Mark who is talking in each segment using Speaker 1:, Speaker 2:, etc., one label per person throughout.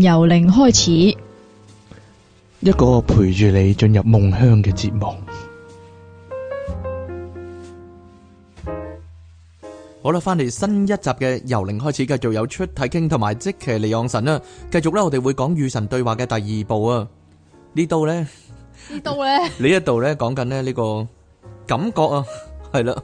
Speaker 1: 由零開始，
Speaker 2: 一個陪住你進入夢鄉嘅節目。好啦，翻嚟新一集嘅由零開始，繼續有出體傾同埋即騎利昂神啦。繼續咧，我哋會講與神對話嘅第二部啊。呢度咧， 呢度咧，呢一度咧講緊咧呢個感覺啊，係啦。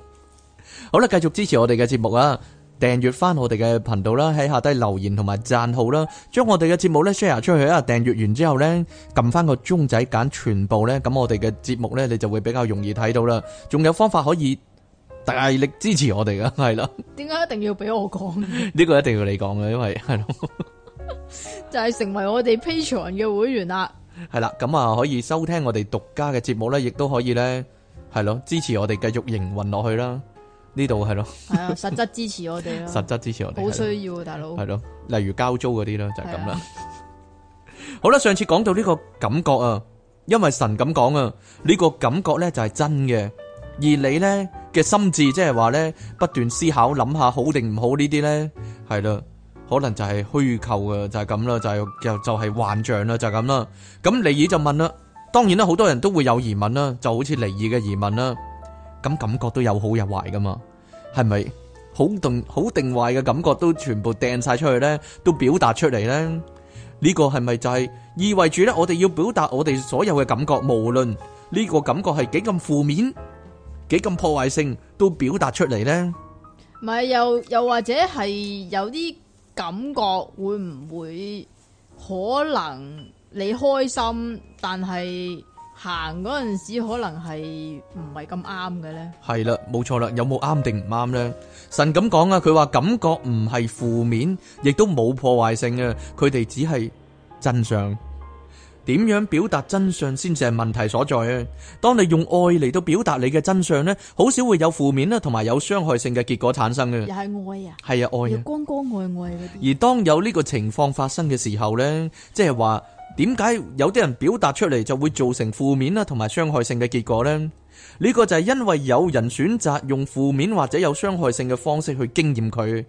Speaker 2: 好啦，繼續支持我哋嘅節目啊！訂閱翻我哋嘅頻道啦，喺下低留言同埋讚號啦，將我哋嘅節目咧 share 出去。啊，訂閱完之後咧，撳翻個鐘仔，揀全部咧，咁我哋嘅節目咧，你就會比較容易睇到啦。仲有方法可以大力支持我哋噶，係啦。
Speaker 1: 點解一定要俾我講？
Speaker 2: 呢個一定要你講嘅，因為係咯，
Speaker 1: 就係成為我哋 Patreon 嘅會員啦。
Speaker 2: 係啦，咁啊可以收聽我哋獨家嘅節目咧，亦都可以咧，係咯支持我哋繼續營運落去啦。呢度係咯，係啊，實質
Speaker 1: 支持我哋咯，實
Speaker 2: 質支持我哋，好需
Speaker 1: 要大佬。
Speaker 2: 係咯，例如交租嗰啲啦，就係咁啦。好啦，上次講到呢個感覺啊，因為神咁講啊，呢個感覺咧就係真嘅，而你咧嘅心智即係話咧不斷思考諗下好定唔好呢啲咧，係啦，可能就係虛構嘅，就係咁啦，就係就就係幻象啦，就係咁啦。咁尼爾就問啦，當然啦，好多人都會有疑問啦，就好似尼爾嘅疑問啦，咁感覺都有好有壞噶嘛。係咪好定好定壞嘅感覺都全部掟曬出去呢，都表達出嚟呢？呢個係咪就係意味住呢？我哋要表達我哋所有嘅感覺，無論呢個感覺係幾咁負面、幾咁破壞性，都表達出嚟呢？
Speaker 1: 唔係又又或者係有啲感覺會唔會可能你開心，但係？行嗰陣時可能係唔係咁啱嘅咧？
Speaker 2: 係啦，冇錯啦。有冇啱定唔啱咧？神咁講啊，佢話感覺唔係負面，亦都冇破壞性嘅。佢哋只係真相。點樣表達真相先至係問題所在啊？當你用愛嚟到表達你嘅真相咧，好少會有負面啦，同埋有傷害性嘅結果產生嘅。又係愛啊！係啊，愛啊！
Speaker 1: 光光愛愛
Speaker 2: 嘅。而當有呢個情況發生嘅時候咧，即係話。點解有啲人表達出嚟，就會造成負面啦，同埋傷害性嘅結果呢？呢個就係因為有人選擇用負面或者有傷害性嘅方式去經驗佢。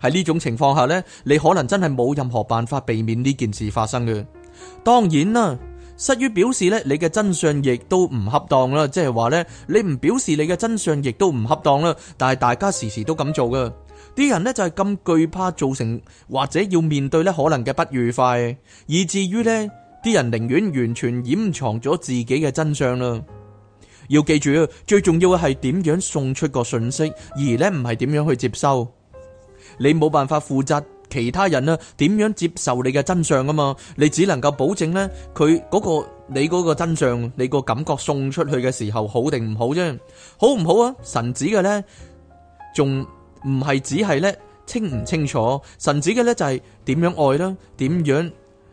Speaker 2: 喺呢種情況下呢，你可能真係冇任何辦法避免呢件事發生嘅。當然啦，失於表示咧，你嘅真相亦都唔恰當啦。即係話呢，你唔表示你嘅真相亦都唔恰當啦。但係大家時時都咁做噶。啲人呢就係咁懼怕造成或者要面對呢可能嘅不愉快，以至於呢啲人寧願完全掩藏咗自己嘅真相啦。要記住，最重要嘅係點樣送出個信息，而呢唔係點樣去接收。你冇辦法負責其他人啦，點樣接受你嘅真相啊嘛？你只能夠保證呢，佢嗰個你嗰個真相，你個感覺送出去嘅時候好定唔好啫？好唔好，好，好啊？神指嘅呢仲。唔係只係咧清唔清楚，神指嘅咧就係、是、點樣愛啦，點樣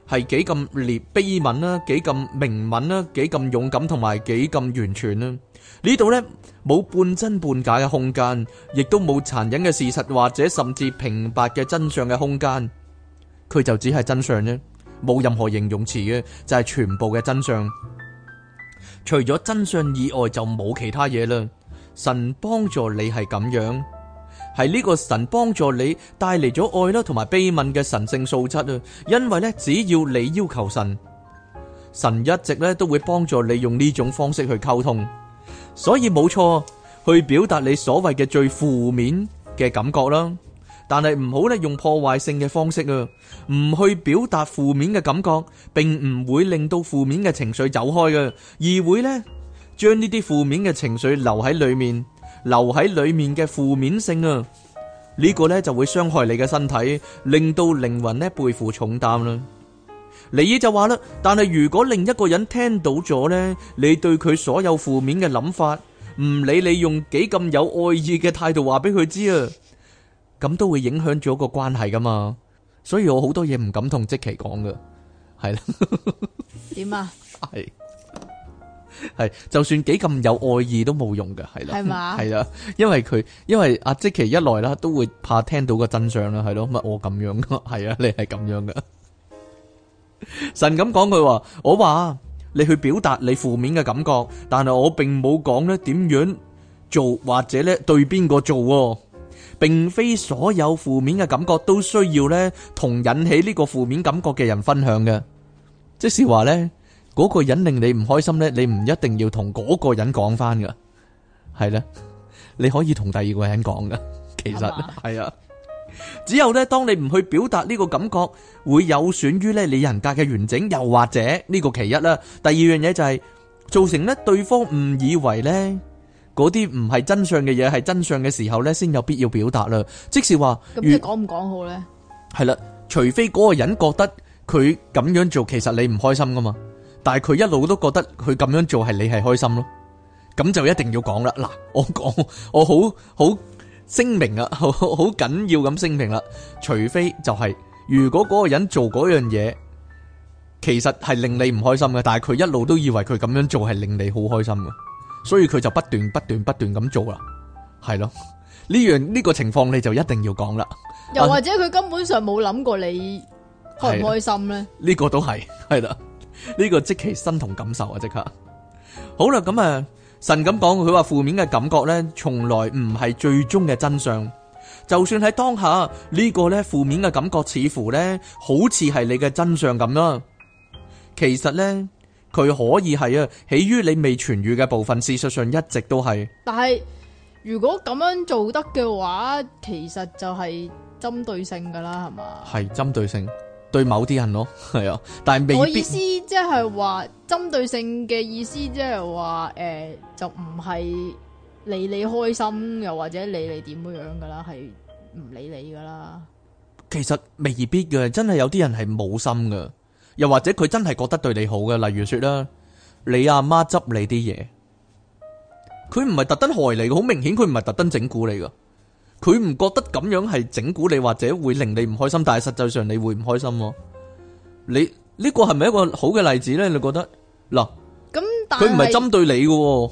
Speaker 2: 係幾咁烈悲憫啦，幾咁明敏啦，幾咁勇敢同埋幾咁完全啦。呢度呢，冇半真半假嘅空間，亦都冇殘忍嘅事實或者甚至平白嘅真相嘅空間。佢就只係真相呢，冇任何形容詞嘅，就係、是、全部嘅真相。除咗真相以外就冇其他嘢啦。神幫助你係咁樣。係呢個神幫助你帶嚟咗愛啦，同埋悲憫嘅神聖素質啊！因為咧，只要你要求神，神一直咧都會幫助你用呢種方式去溝通。所以冇錯，去表達你所謂嘅最負面嘅感覺啦。但係唔好咧用破壞性嘅方式啊！唔去表達負面嘅感覺，並唔會令到負面嘅情緒走開嘅，而會咧將呢啲負面嘅情緒留喺裏面。留喺裏面嘅負面性啊，呢個呢就會傷害你嘅身體，令到靈魂呢背負重擔啦。尼爾就話啦，但係如果另一個人聽到咗呢，你對佢所有負面嘅諗法，唔理你用幾咁有愛意嘅態度話俾佢知啊，咁都會影響咗個關係噶嘛。所以我好多嘢唔敢同即琪講噶，係啦。點啊？係。係，就算幾咁有愛意都冇用噶，係啦，係啦，因為佢，因為阿即其一來啦，都會怕聽到個真相啦，係咯，咪我咁樣噶，係啊，你係咁樣噶神咁講句話，我話你去表達你負面嘅感覺，但係我並冇講咧點樣做，或者咧對邊個做，並非所有負面嘅感覺都需要咧同引起呢個負面感覺嘅人分享嘅，即是話咧。嗰個人令你唔開心呢，你唔一定要同嗰個人講翻噶，係啦，你可以同第二個人講噶。其實係啊吧，只有咧，當你唔去表達呢個感覺，會有損於咧你人格嘅完整，又或者呢個其一啦。第二樣嘢就係、是、造成咧對方誤以為呢嗰啲唔係真相嘅嘢係真相嘅時候呢，先有必要表達啦。即係話，咁你講唔講好呢？係啦，除非嗰個人覺得佢咁樣做，其實你唔開心噶嘛。但係佢一路都覺得佢咁樣做係你係開心咯，咁就一定要講啦。嗱，我講我好好聲明啊，好緊要咁聲明啦。除非就係如果嗰個人做嗰樣嘢，其實係令你唔開心嘅，但係佢一路都以為佢咁樣做係令你好開心嘅，所以佢就不斷不斷不斷咁做啦，係咯。呢樣呢個情況你就一定要講啦。又或者
Speaker 1: 佢根本上冇諗過你
Speaker 2: 開唔開心咧？呢個都係係啦。呢個即其身同感受啊！即 刻好啦，咁、嗯、啊神咁講，佢話負面嘅感覺呢，從來唔係最終嘅真相。就算喺當下呢、這個呢負面嘅感覺，似乎呢好似係你嘅真相咁啦。其實呢，佢可以係啊起於你未痊癒嘅部分，事實上一直都係。
Speaker 1: 但係如果咁樣做得嘅話，其實就係針對性噶啦，係嘛？
Speaker 2: 係針對性。對某啲人咯，係啊，但係未必。我意思
Speaker 1: 即係話針對性嘅意思，即係話誒，就唔係理你開心，又或者理你點樣噶啦，係唔理你噶啦。
Speaker 2: 其實未必嘅，真係有啲人係冇心噶，又或者佢真係覺得對你好嘅。例如說啦，你阿媽執你啲嘢，佢唔係特登害你嘅，好明顯佢唔係特登整蠱你噶。佢唔覺得咁樣係整蠱你，或者會令你唔開心，但係實際上你會唔開心。你呢個係咪一個好嘅例子呢？你覺得嗱，
Speaker 1: 咁佢唔係針對你嘅，哦，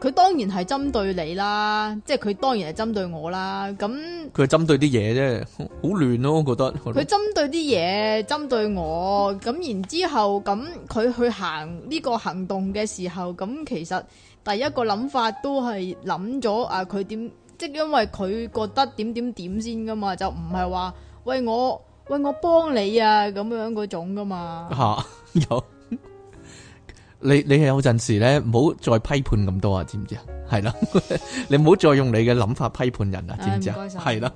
Speaker 1: 佢當然係針對你啦，即係佢當然係針對我啦。咁
Speaker 2: 佢係針對啲嘢啫，好亂咯。亂啊，我覺得佢
Speaker 1: 針對啲嘢，針對我咁，然之後咁佢去行呢個行動嘅時候，咁其實第一個諗法都係諗咗啊，佢點？即因為佢覺得點點點先噶嘛，就唔係話喂我喂我幫你啊咁樣嗰種噶嘛吓、啊。
Speaker 2: 有你你有陣時咧，唔好再批判咁多啊，知唔知啊？係啦，你唔好再用你嘅諗法批判人 啊，知唔知啊？係啦。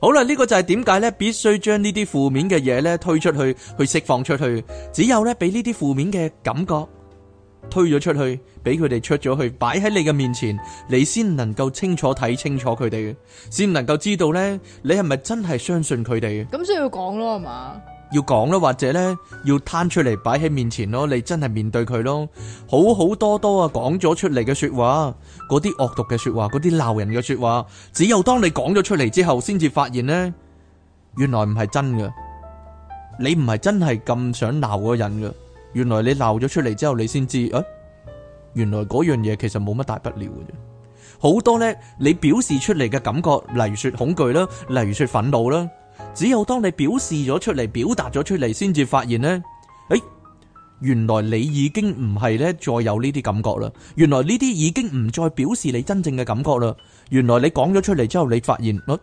Speaker 2: 好啦，呢、呢個就係點解咧，必須將呢啲負面嘅嘢，咧推出去，去釋放出去。只有咧，俾呢啲負面嘅感覺。推咗出去，俾佢哋出咗去，擺喺你嘅面前，你先能夠清楚睇清楚佢哋，先能夠知道呢，你係咪真係相信佢哋？
Speaker 1: 咁所以要講咯，係嘛？
Speaker 2: 要講咯，或者呢，要攤出嚟擺喺面前咯，你真係面對佢咯，好好多多啊！講咗出嚟嘅說話，嗰啲惡毒嘅說話，嗰啲鬧人嘅說話，只有當你講咗出嚟之後，先至發現呢，原來唔係真嘅，你唔係真係咁想鬧嗰個人嘅。原來你鬧咗出嚟之後，你先知，誒，原來嗰樣嘢其實冇乜大不了嘅啫。好多咧，你表示出嚟嘅感覺，例如說恐懼啦，例如說憤怒啦，只有當你表示咗出嚟，表達咗出嚟，先至發現咧，誒，原來你已經唔係咧再有呢啲感覺啦。原來呢啲已經唔再表示你真正嘅感覺啦。原來你講咗出嚟之後，你發現我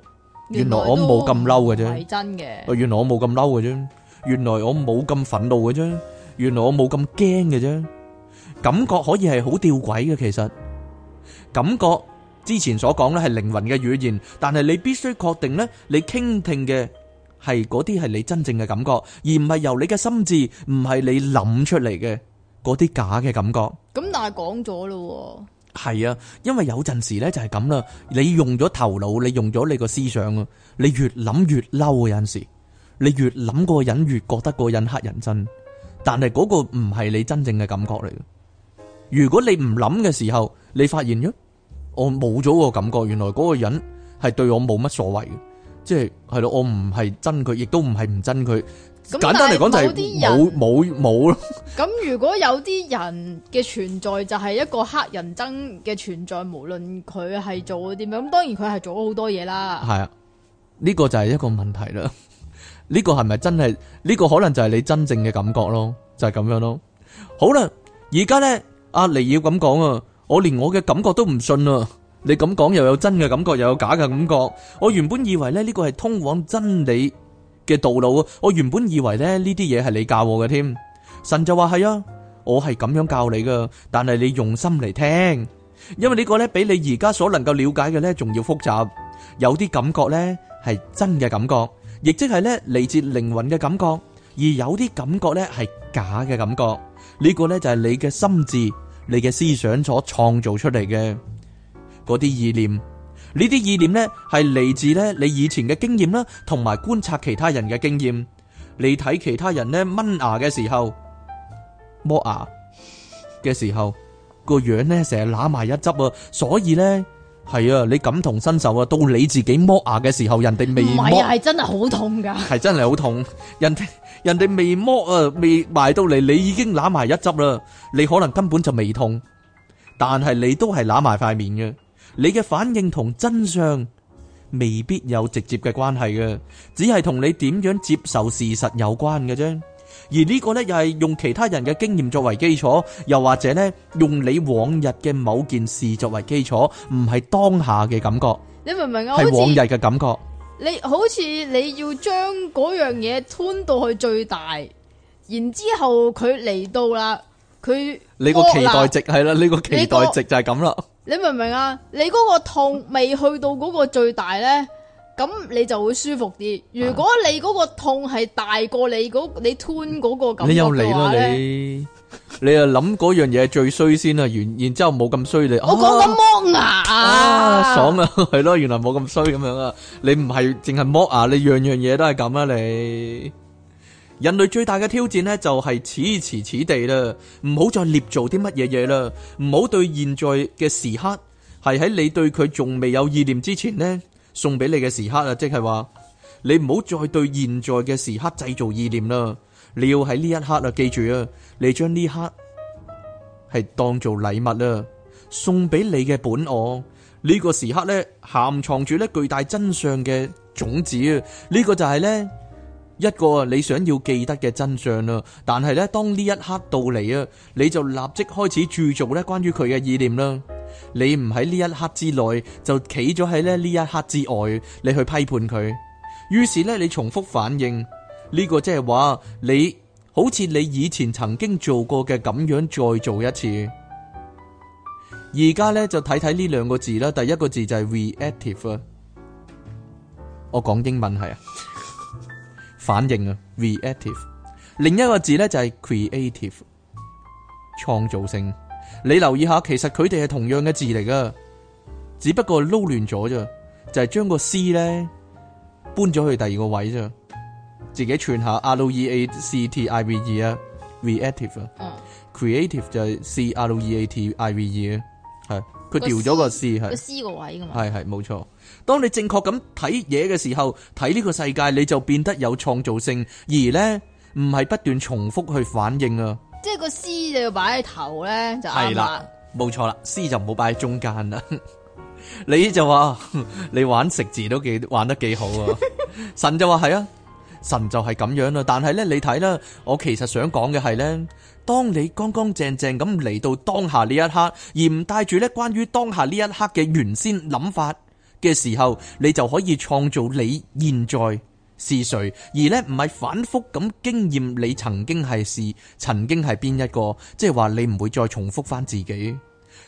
Speaker 2: 原來我冇咁嬲嘅啫，係真嘅。哦，原來我冇咁嬲嘅啫，原來我冇咁憤怒嘅啫。原來我冇咁驚嘅啫，感覺可以係好吊詭嘅。其實感覺之前所講咧，係靈魂嘅語言，但係你必須確定呢，你傾聽嘅係嗰啲係你真正嘅感覺，而唔係由你嘅心智，唔係你諗出嚟嘅嗰啲假嘅感覺。
Speaker 1: 咁但係講咗咯，
Speaker 2: 係啊，因為有陣時呢就係咁啦。你用咗頭腦，你用咗你個思想啊，你越諗越嬲啊。有陣時你越諗個人，越，越覺得個人黑人憎。但係嗰個唔係你真正嘅感覺嚟嘅。如果你唔諗嘅時候，你發現咗我冇咗個感覺，原來嗰個人係對我冇乜所謂嘅，即係係咯，我唔係憎佢，亦都唔係唔憎佢。簡單嚟講就係冇冇冇咯。
Speaker 1: 咁如果有啲人嘅存在就係一個黑人憎嘅存在，無論佢係做啲咩，咁當然佢係做咗好多嘢啦。
Speaker 2: 係啊，呢個就係一個問題啦。呢個係咪真係？呢、這個可能就係你真正嘅感覺咯，就係、是、咁樣咯。好啦，而家呢，阿、啊、尼要咁講啊，我連我嘅感覺都唔信啊！ 你咁講又有真嘅感覺，又有假嘅感覺。我原本以為呢呢、這個係通往真理嘅道路，啊。我原本以為呢呢啲嘢係你教我嘅添。神就話係啊，我係咁樣教你噶，但係你用心嚟聽，因為呢個呢，比你而家所能夠了解嘅呢仲要複雜，有啲感覺呢，係真嘅感覺。亦即係咧嚟自靈魂嘅感覺，而有啲感覺咧係假嘅感覺，呢、呢個咧就係你嘅心智、你嘅思想所創造出嚟嘅嗰啲意念。呢啲意念咧係嚟自咧你以前嘅經驗啦，同埋觀察其他人嘅經驗，你睇其他人咧掹牙嘅時候、剝牙嘅時候個樣咧成日揦埋一執啊，所以咧。係啊，你感同身受啊，到你自己摸牙嘅時候，人哋未摸，係
Speaker 1: 真係好痛噶，係
Speaker 2: 真係好痛。人哋人哋未摸啊，未埋到嚟，你已經揦埋一執啦。你可能根本就未痛，但係你都係揦埋塊面嘅。你嘅反應同真相未必有直接嘅關係嘅，只係同你點樣接受事實有關嘅啫。而呢個呢，又係用其他人嘅經驗作為基礎，又或者呢，用你往日嘅某件事作為基礎，唔係當下嘅感覺。
Speaker 1: 你明唔明啊？係往日嘅感覺。你好似你要將嗰樣嘢吞到去最大，然之後佢嚟到啦，佢你個期待值係
Speaker 2: 啦，你個期待值就係咁啦。
Speaker 1: 你明唔明啊？你嗰個痛未去到嗰個最大呢。 咁你就會舒服啲。如果你嗰個痛係大過你嗰、那個啊、你吞嗰個咁嘅話
Speaker 2: 咧，你又諗嗰 樣嘢最衰先啊，然然之後冇咁衰你。我講緊
Speaker 1: 磨牙啊，爽
Speaker 2: 啊，係 咯，原來冇咁衰咁樣啊。 你唔係淨係磨牙，你樣樣嘢都係咁啊。你人類最大嘅挑戰呢，就係此時此，此地啦，唔好再捏造啲乜嘢嘢啦，唔好對現在嘅時刻係喺你對佢仲未有意念之前呢，送俾你嘅時刻啊，即係話你唔好再對現在嘅時刻製造意念啦。你要喺呢一刻啊，記住啊，你將呢刻係當做禮物啊，送俾你嘅本我。呢、這個時刻呢含藏住呢巨大真相嘅種子啊，呢、這個就係呢一個你想要記得嘅真相啦。但係呢，當呢一刻到嚟啊，你就立即開始鑄造咧關於佢嘅意念啦。你唔喺呢一刻之內就企咗喺咧呢一刻之外，你去批判佢，於是咧你重複反應呢個即係話，你好似你以前曾經做過嘅咁樣再做一次。而家咧就睇睇呢兩個字啦，第一個字就係 reactive，我講英文係啊， 反應啊 reactive，另一個字咧就係 creative，創造性。你留意下，其實佢哋係同樣嘅字嚟噶，只不過撈亂咗啫，就係、是、將個 C 咧搬咗去第二個位啫。自己串下、e e、，reactive 啊、嗯、，creative，creative 啊就係 creative，係佢掉咗個 C 係個 C 個 C 個位噶嘛。係係，冇錯。當你正確咁睇嘢嘅時候，睇呢個世界，你就變得有創造性，而咧唔係不斷重複去反應啊。
Speaker 1: 即係個詩就要擺喺頭咧，C、就係啦。
Speaker 2: 冇錯啦，詩就唔好擺喺中間啦。你就話你玩食字都幾玩得幾好啊？ 神就話係啊，神就係咁樣啦、啊。但係咧，你睇啦，我其實想講嘅係咧，當你乾乾淨淨咁嚟到當下呢一刻，而唔帶住咧關於當下呢一刻嘅原先諗法嘅時候，你就可以創造你現在。是誰？而呢，唔係反覆咁經驗你曾經係是事，曾經係邊一個？即係話你唔會再重複翻自己。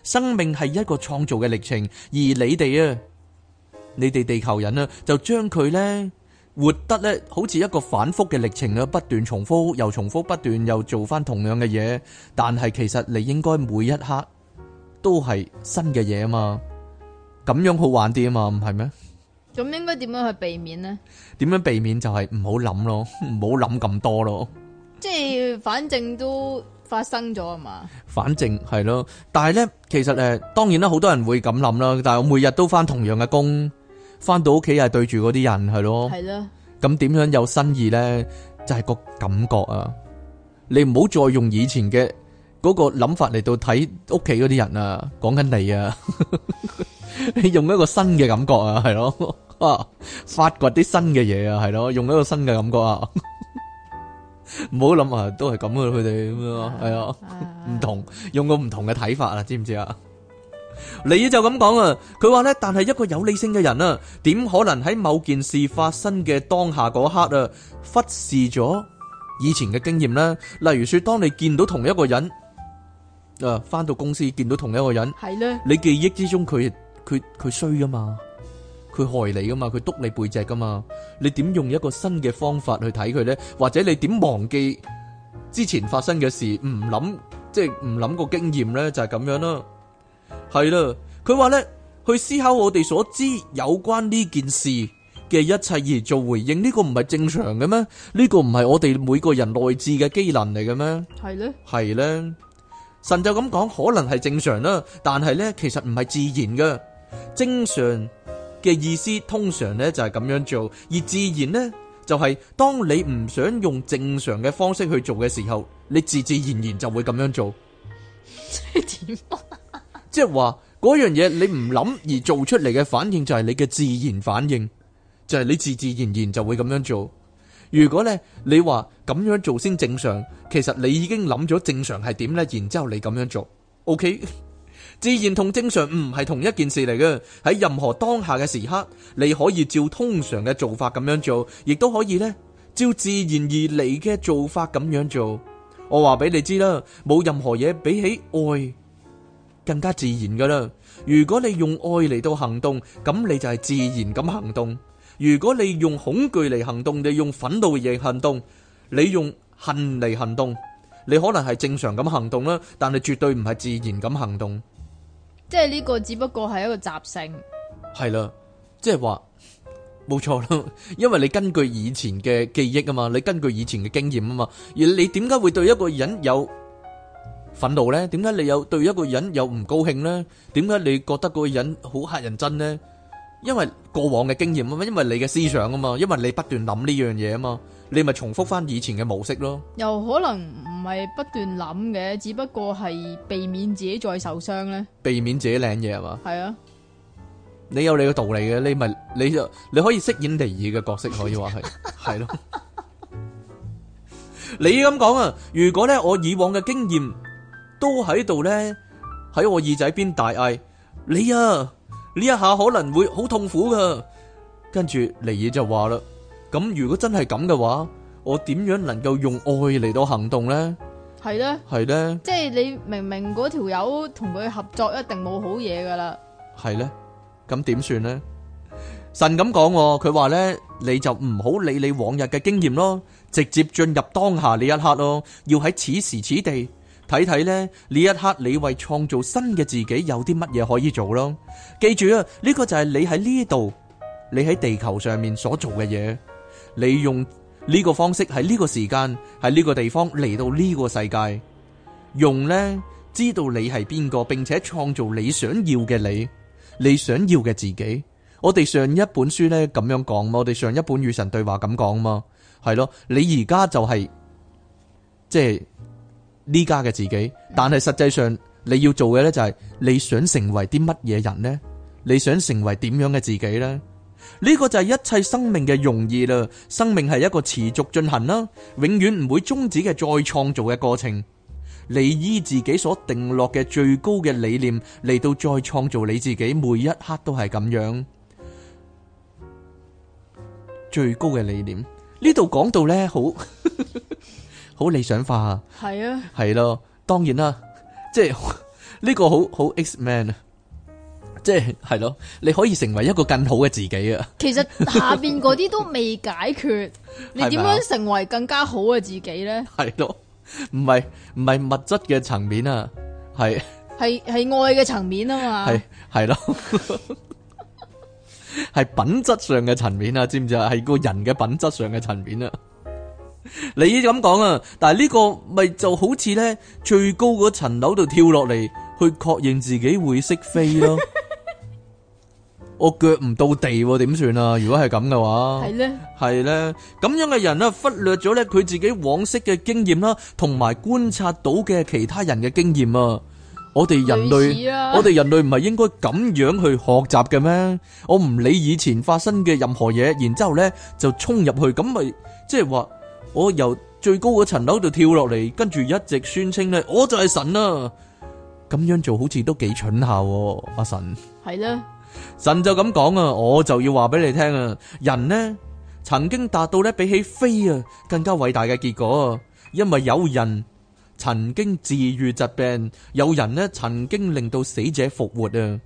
Speaker 2: 生命係一個創造嘅歷程，而你哋啊，你哋地球人啊，就將佢呢活得呢，好似一個反覆嘅歷程啦，不斷重複又重複，不斷又做翻同樣嘅嘢。但係其實你應該每一刻都係新嘅嘢啊嘛，咁樣好玩啲啊嘛，唔係咩？
Speaker 1: 咁應該點樣去避免咧？
Speaker 2: 點樣避免就係唔好諗咯，唔好諗咁多咯。
Speaker 1: 即係反正都發生咗啊嘛。
Speaker 2: 反正係咯，但係咧，其實誒，當然啦，好多人會咁諗啦。但係我每日都翻同樣嘅工，翻到屋企係對住嗰啲人，係咯。係咯。咁點樣有新意咧？就係個感覺啊！你唔好再用以前嘅嗰個諗法嚟到睇屋企嗰啲人啊，講緊你啊。你用一個新嘅感覺啊，係咯，啊，發掘啲新嘅嘢啊，係咯，用一個新嘅感覺啊，唔好諗啊，都係咁啊，佢哋咁樣係啊，唔同，用個唔同嘅睇法啊，知唔知啊？你就咁講啊？佢話咧，但係一個有理性嘅人啊，點可能喺某件事發生嘅當下嗰刻啊，忽視咗以前嘅經驗咧？例如說，當你見到同一個人啊，返到公司見到同一個人，係咧，你記憶之中佢。佢佢衰噶嘛，佢害你噶嘛，佢督你背脊噶嘛，你點用一個新嘅方法去睇佢呢？或者你點忘記之前發生嘅事，唔諗即係唔諗個經驗呢，就係咁樣啦，係啦。佢話呢，去思考我哋所知有關呢件事嘅一切而做回應，呢個唔係正常嘅咩？呢個唔係我哋每個人內置嘅機能嚟嘅咩？係呢？係呢？神就咁講，可能係正常啦，但係呢，其實唔係自然嘅。正常嘅意思，通常呢就係咁樣做，而自然呢就係、是、當你唔想用正常嘅方式去做嘅時候，你自自然然就會咁樣做。
Speaker 1: 即係點？
Speaker 2: 即係話嗰樣嘢你唔諗而做出嚟嘅反應就係你嘅自然反應，就係、是、你自自然然就會咁樣做。如果呢，你話咁樣做先正常，其實你已經諗咗正常係點呢？然之後你咁樣做，OK？自然同正常唔係同一件事嚟嘅。喺任何當下嘅時刻，你可以照通常嘅做法咁樣做，亦都可以呢照自然而嚟嘅做法咁樣做。我話俾你知啦，冇任何嘢比起愛更加自然噶啦。如果你用愛嚟到行動，咁你就係自然咁行動；如果你用恐懼嚟行動，你用憤怒嚟行動，你用恨嚟行動。你可能係正常咁行動啦，但係絕對唔係自然咁行動。行動
Speaker 1: 即係呢個只不過係一個習性。
Speaker 2: 係啦，即係話冇錯啦，因為你根據以前嘅記憶啊嘛，你根據以前嘅經驗啊嘛，而你點解會對一個人有憤怒呢？點解你有對一個人有唔高興呢？點解你覺得嗰個人好乞人憎呢？因為過往嘅經驗啊嘛，因為你嘅思想啊嘛，因為你不斷諗呢樣嘢啊嘛，你咪重複翻以前嘅模式咯。
Speaker 1: 又可能唔係不斷諗嘅，只不過係避免自己再受傷呢。
Speaker 2: 避免自己靚嘢，係嘛？係啊。你有你嘅道理嘅，你咪你啊，你可以飾演尼爾嘅角色，可以話係係咯。你咁講啊？如果咧我以往嘅經驗都喺度呢，喺我耳仔邊大嗌你啊！呢一下可能會好痛苦噶，跟住尼爾就話啦，咁如果真係咁嘅話，我點樣能夠用愛嚟到行動呢？
Speaker 1: 係呢的？
Speaker 2: 係呢的？
Speaker 1: 即係你明明嗰條友同佢合作一定冇好嘢噶啦，
Speaker 2: 係呢？咁點算呢？神咁講、哦，佢話呢：「你就唔好理你往日嘅經驗咯，直接進入當下呢一刻咯，要喺此時此地。睇睇呢，呢一刻你為創造新嘅自己有啲乜嘢可以做咯？記住啊，呢、呢個就係你喺呢度，你喺地球上面所做嘅嘢，你用呢個方式喺呢個時間喺呢個地方嚟到呢個世界，用呢，知道你係邊個，並且創造你想要嘅你，你想要嘅自己。我哋上一本書呢，咁樣講，我哋上一本與神對話咁講嘛，係咯？你而家就係、係、即係。呢家嘅自己，但係實際上你要做嘅呢，就係，就係你想成為啲乜嘢人呢？你想成為點樣嘅自己呢？呢，呢個就係一切生命嘅容易啦。生命係一個持續進行啦，永遠唔會終止嘅再創造嘅過程。你依自己所定落嘅最高嘅理念嚟到再創造你自己，每一刻都係咁樣。最高嘅理念呢度講到呢好。 好理想化啊，係啊，係咯，當然啦，即係呢、這個好好 X man 啊，即係係咯，你可以成為一個更好嘅自己啊。
Speaker 1: 其實下邊嗰啲都未解決，
Speaker 2: 你點樣成
Speaker 1: 為更加好嘅自己咧？
Speaker 2: 係咯，唔係唔係物質嘅層面啊，係
Speaker 1: 係係愛嘅層面啊嘛，係
Speaker 2: 係咯，係 品質上嘅層面啊，知唔知啊？係個人嘅品質上嘅層面啊。你咁講啊，但係呢個咪就好似咧最高嗰層樓度跳落嚟去確認自己會識飛咯。我腳唔到地，點算啊？如果係咁嘅話，係咧，係咧，咁樣嘅人咧忽略咗咧佢自己往昔嘅經驗啦，同埋觀察到嘅其他人嘅經驗啊。我哋人類，我哋人類唔係應該咁樣去學習嘅咩？我唔理以前發生嘅任何嘢，然之後咧就衝入去，咁咪即係話。我由最高嘅層樓度跳落嚟，跟住一直宣稱咧，我就係神啊！咁樣做好似都幾蠢下，阿、啊、神
Speaker 1: 係啦，
Speaker 2: 的神就咁講啊，我就要話俾你聽啊，人呢曾經達到呢比起飛啊更加偉大嘅結果，因為有人曾經治癒疾病，有人呢曾經令到死者復活啊！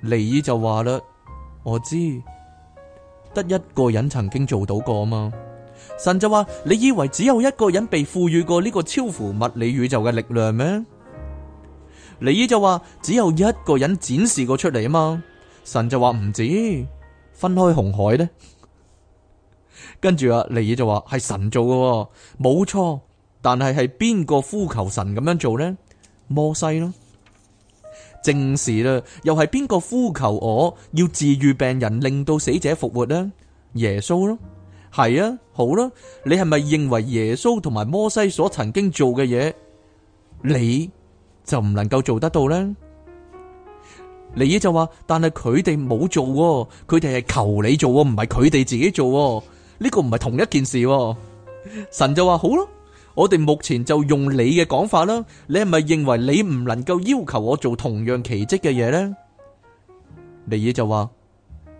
Speaker 2: 尼爾就話啦，我知得一個人曾經做到過嘛。神就話：你以為只有一個人被賦予過呢個超乎物理宇宙嘅力量咩？尼爾就話：只有一個人展示過出嚟啊嘛。神就話唔止，分開紅海呢。跟住啊，尼爾就話係神做嘅、哦，冇錯。但係係邊個呼求神咁樣做呢？摩西咯，正是啦。又係邊個呼求我要治愈病人，令到死者復活呢？耶穌咯。係啊，好啦，你係咪認為耶穌同埋摩西所曾經做嘅嘢，你就唔能夠做得到呢？尼爾就話，但係佢哋冇做，佢哋係求你做，唔係佢哋自己做，呢個唔係同一件事。神就話好囉，我哋目前就用你嘅講法啦。你係咪認為你唔能夠要求我做同樣奇蹟嘅嘢呢？尼爾就話，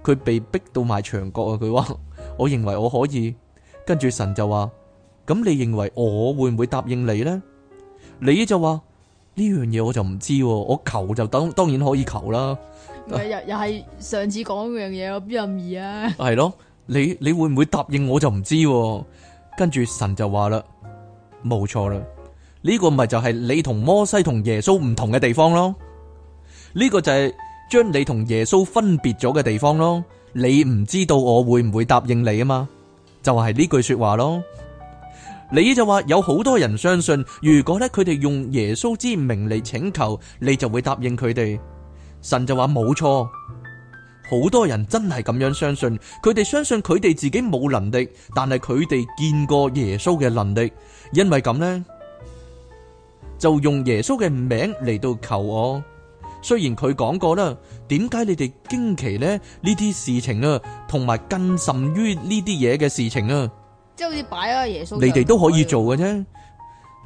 Speaker 2: 佢被逼到埋牆角啊！佢話。我認為我可以，跟住神就話：咁你認為我會唔會答應你呢？你就話呢樣嘢我就唔知，我求就當當然可以求啦。又
Speaker 1: 又係上次講嗰樣嘢，我邊有唔易啊？
Speaker 2: 係咯，你你會唔會答應我就唔知。跟住神就話啦，冇錯啦，呢個咪就係你同摩西同耶穌唔同嘅地方咯。呢個就係將你同耶穌分別咗嘅地方咯。你唔知道我會唔會答應你啊嘛？就係呢句說話咯。你就話有好多人相信，如果咧佢哋用耶穌之名嚟請求，你就會答應佢哋。神就話冇錯，好多人真係咁樣相信，佢哋相信佢哋自己冇能力，但係佢哋見過耶穌嘅能力，因為咁呢，就用耶穌嘅名嚟到求我。雖然佢講過啦。點解你哋驚奇呢？呢啲事情啊，同埋更甚於呢啲嘢嘅事情啊，
Speaker 1: 即係好似擺阿耶穌，你哋都可以
Speaker 2: 做嘅啫。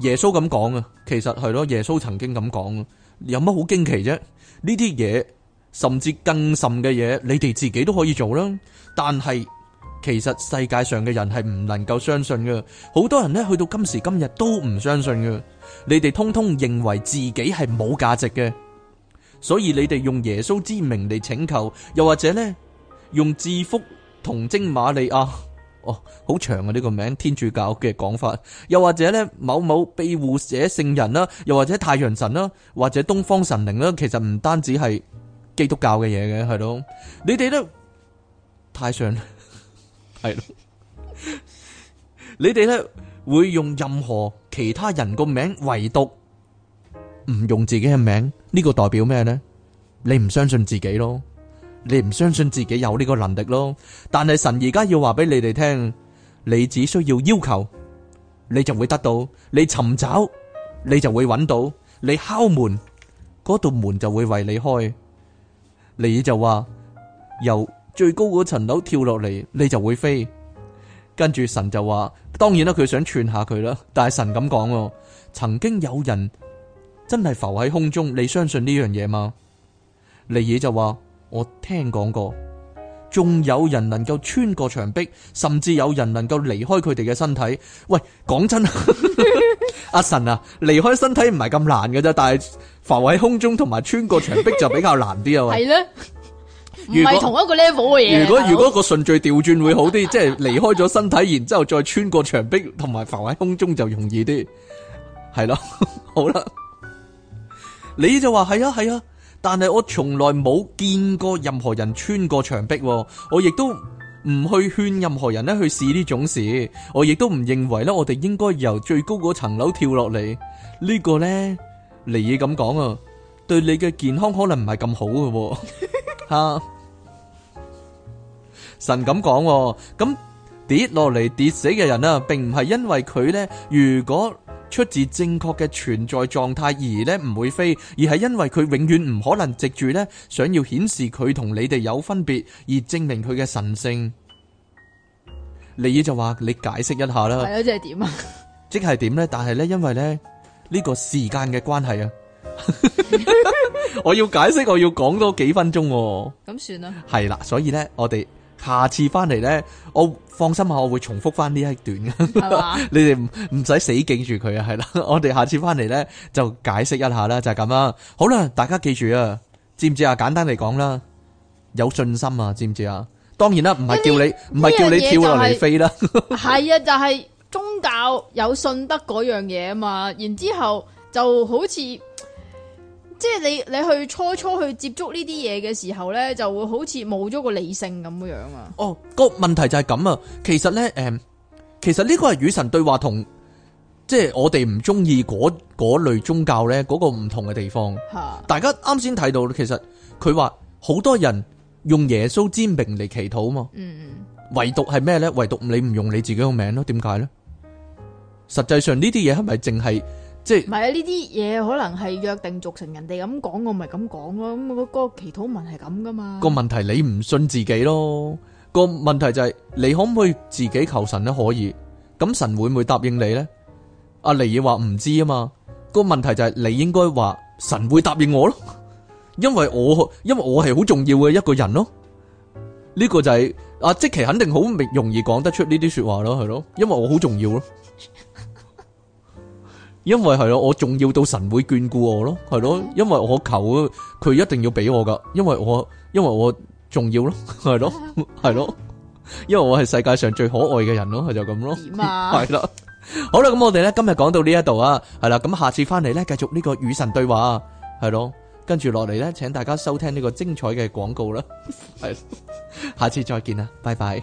Speaker 2: 耶穌咁講啊，其實係咯，耶穌曾經咁講啊，有乜好驚奇啫？呢啲嘢甚至更甚嘅嘢，你哋自己都可以做啦。但係其實世界上嘅人係唔能夠相信嘅，好多人呢，去到今時今日都唔相信嘅，你哋通通認為自己係冇價值嘅。所以你哋用耶穌之名嚟請求，又或者呢，用至福童貞瑪利亞，哦，好長啊呢個名，天主教嘅講法，又或者呢，某某庇護者聖人啦，又或者太陽神啦，或者東方神靈啦，其實唔單止係基督教嘅嘢嘅，係咯，你哋都太上係咯， 你哋呢會用任何其他人個名，唯獨。唔用自己嘅名，呢個代表咩呢？你唔相信自己咯，你唔相信自己有呢個能力咯。但係神而家要話俾你哋聽，你只需要要求，你就會得到；你尋找，你就會揾到；你敲門，嗰道門就會為你開。你就話由最高嗰層樓跳落嚟，你就會飛。跟住神就話，當然啦，佢想串下佢啦。但係神咁講咯，曾經有人。真係浮喺空中，你相信呢樣嘢嗎？尼爾就話：我聽講過，仲有人能夠穿過牆壁，甚至有人能夠離開佢哋嘅身體。喂，講真， 阿神啊，離開身體唔係咁難嘅啫，但係浮喺空中同埋穿過牆壁就比較難啲啊！係
Speaker 1: 咧
Speaker 2: 果，唔係同
Speaker 1: 一個 level 嘅嘢。如果如果
Speaker 2: 個順序調轉會好啲，即係離開咗身體，然之後再穿過牆壁，同埋浮喺空中就容易啲，係咯，好啦。你就話係啊係啊，但係我從來冇見過任何人穿過牆壁，我亦都唔去勸任何人咧去試呢種事，我亦都唔認為咧，我哋應該由最高嗰層樓跳落嚟。呢個呢，你咁講啊，對你嘅健康可能唔係咁好嘅，吓。神咁講，咁跌落嚟跌死嘅人啊，並唔係因為佢呢，如果。出自正確嘅存在狀態而咧唔會飛，而係因為佢永遠唔可能藉住咧想要顯示佢同你哋有分別，而證明佢嘅神聖。李姨就話：你解釋一下啦。係啊，即係點啊？即係點呢？但係呢，因為咧呢、呢個時間嘅關係啊 我，我要解釋，我要講多幾分鐘，啊。咁算啦。係啦，所以呢，我哋下次翻嚟呢。我。放心啊，我會重複翻呢一段，你哋唔唔使死記住佢啊，係啦，我哋下次翻嚟咧就解釋一下啦，就係咁啦。好啦，大家記住啊，知唔知啊？簡單嚟講啦，有信心啊，知唔知啊？當然啦，唔係叫你唔係叫你跳落嚟飛啦，
Speaker 1: 係啊，就係宗教有信德嗰樣嘢啊嘛，然之後就好似。即係你你去初初去接觸呢啲嘢嘅時候呢，就會好似冇咗個理性咁樣啊！哦，
Speaker 2: 個問題就係咁啊！其實呢，誒、嗯，其實呢個係與神對話同，即係我哋唔中意嗰嗰類宗教呢，嗰、嗰個唔同嘅地方。吓哈，大家啱先睇到，其實佢話好多人用耶穌之名嚟祈禱啊嘛。嗯、唯獨係咩呢？唯獨你唔用你自己個名咯？點解呢？實際上呢啲嘢係咪淨係？
Speaker 1: 唔係啊！呢啲嘢可能係約定俗成，人哋咁講，我咪咁講咯。咁嗰個祈禱文係咁噶嘛？個問
Speaker 2: 題你唔信自己咯，個問題就係你可唔可以自己求神呢？可以，咁神會唔會答應你呢？阿尼爾話唔知啊嘛。個問題就係你應該話神會答應我咯，因為我因為我係好重要嘅一個人咯。呢個就係阿即奇肯定好容易講得出呢啲說話咯，係咯，因為我好重要咯。因為係咯，我重要到神會眷顧我咯，係咯，因為我求佢，佢一定要俾我噶，因為我，因為我重要咯，係咯，係咯，因為我係世界上最可愛嘅人咯，佢就咁咯，係啦，好啦，咁我哋咧今日講到呢一度啊，係啦，咁下次翻嚟咧，繼續呢個與神對話，係咯，跟住落嚟咧，請大家收聽呢個精彩嘅廣告啦，係，下次再見啦，拜拜。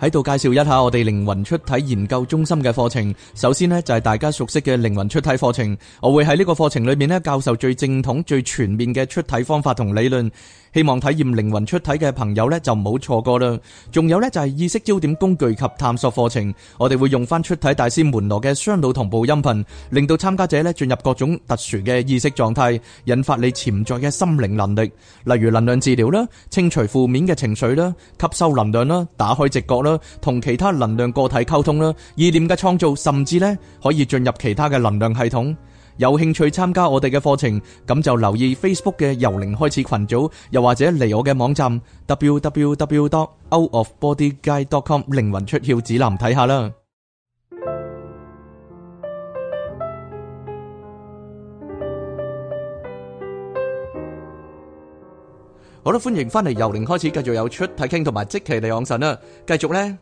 Speaker 2: 喺度介紹一下我哋靈魂出體研究中心嘅課程。首先呢，就係大家熟悉嘅靈魂出體課程，我會喺呢個課程裏面呢，教授最正統、最全面嘅出體方法同理論。希望體驗靈魂出體嘅朋友咧，就唔好錯過啦。仲有咧就係意識焦點工具及探索課程，我哋會用翻出體大師門羅嘅雙腦同步音頻，令到參加者咧進入各種特殊嘅意識狀態，引發你潛在嘅心靈能力，例如能量治療啦、清除負面嘅情緒啦、吸收能量啦、打開直覺啦、同其他能量個體溝通啦、意念嘅創造，甚至咧可以進入其他嘅能量系統。有興趣參加我哋嘅課程，咁就留意 Facebook 嘅由零開始群組，又或者嚟我嘅網站 www.outofbodyguide.com 靈魂出竅指南睇下啦。好啦，歡迎翻嚟由零開始，繼續有出體傾同埋即期嚟講神啦，繼續咧。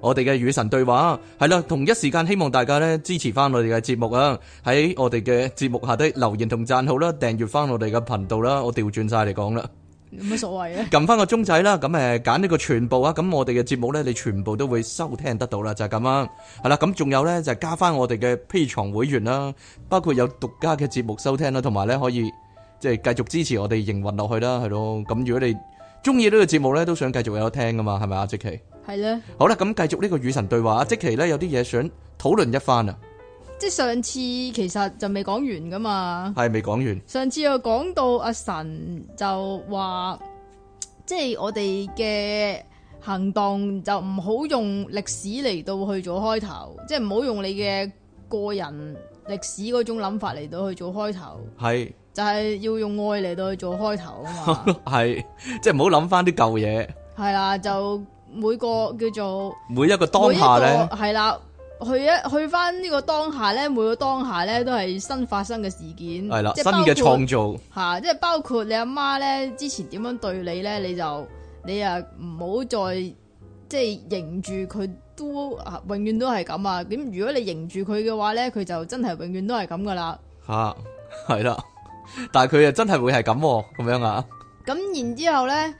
Speaker 2: 我哋嘅與神對話，係啦，同一時間希望大家咧支持翻我哋嘅節目啊！喺我哋嘅節目下底留言同讚好啦，訂閱翻我哋嘅頻道啦。我調轉晒嚟講啦，
Speaker 1: 有乜所謂
Speaker 2: 啊？撳翻個鐘仔啦，咁誒揀呢個全部啊，咁我哋嘅節目咧，你全部都會收聽得到啦，就係咁樣。係啦，咁仲有咧就係加翻我哋嘅 Patreon 會員啦，包括有獨家嘅節目收聽啦，同埋咧可以即係繼續支持我哋營運落去啦，係咯。咁如果你中意呢個節目呢，都想繼續有聽噶嘛，係咪啊？即奇？係呢是的？好啦，咁繼續呢個與神對話啊，即其咧有啲嘢想討論一番啊，
Speaker 1: 即上次其實就未講完噶嘛，
Speaker 2: 係未講完。
Speaker 1: 上次又講到阿神就話，即係我哋嘅行動就唔好用歷史嚟到去做開頭，即係唔好用你嘅個人歷史嗰種諗法嚟到去做開頭，係。但係要用愛嚟到去做開頭啊
Speaker 2: 嘛，係 即係唔好諗翻啲舊嘢。
Speaker 1: 係啦，就每個叫做
Speaker 2: 每一個當下咧，
Speaker 1: 係啦，去一去翻呢個當下咧，每個當下咧都係新發生嘅事件。係啦的，即新嘅創造吓，即係包括你阿媽咧之前點樣對你咧，你就你啊唔好再即係凝住佢都啊，永遠都係咁啊。咁如果你凝住佢嘅話咧，佢就真係永遠都係咁噶啦。
Speaker 2: 吓、啊，係啦。但係佢又真係會係咁咁樣啊？
Speaker 1: 咁然之後咧，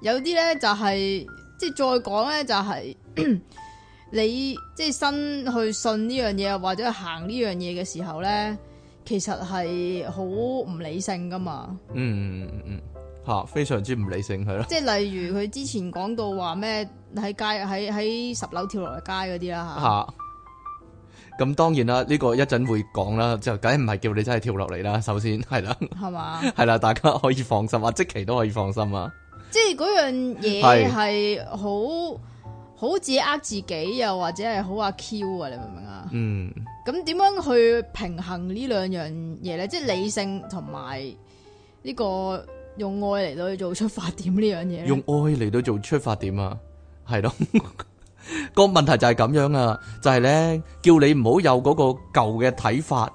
Speaker 1: 有啲咧就係、係、即係再講咧、就係，就係 你即係新去信呢樣嘢，或者行呢樣嘢嘅時候咧，其實係好唔理性噶嘛？嗯嗯嗯嗯
Speaker 2: 嗯，吓非常之唔理性係啦。
Speaker 1: 即係例如佢之前講到話咩喺街喺喺十樓跳落嚟街嗰啲啦吓。
Speaker 2: 咁當然啦，呢個一陣會講啦，就梗係唔係叫你真係跳落嚟啦？首先係啦，
Speaker 1: 係嘛？係
Speaker 2: 啦吧，大家可以放心，阿即期都可以放心啊。
Speaker 1: 即係嗰樣嘢係好好自己呃自己，又或者係好阿 Q 啊？你明唔明啊？
Speaker 2: 嗯。
Speaker 1: 咁點樣去平衡呢兩樣嘢咧？即係理性同埋呢個用愛嚟到做出發點呢樣嘢。用
Speaker 2: 愛嚟到做出發點啊，係咯。 個問題就係咁樣啊，就係咧，叫你唔好有嗰個舊嘅睇法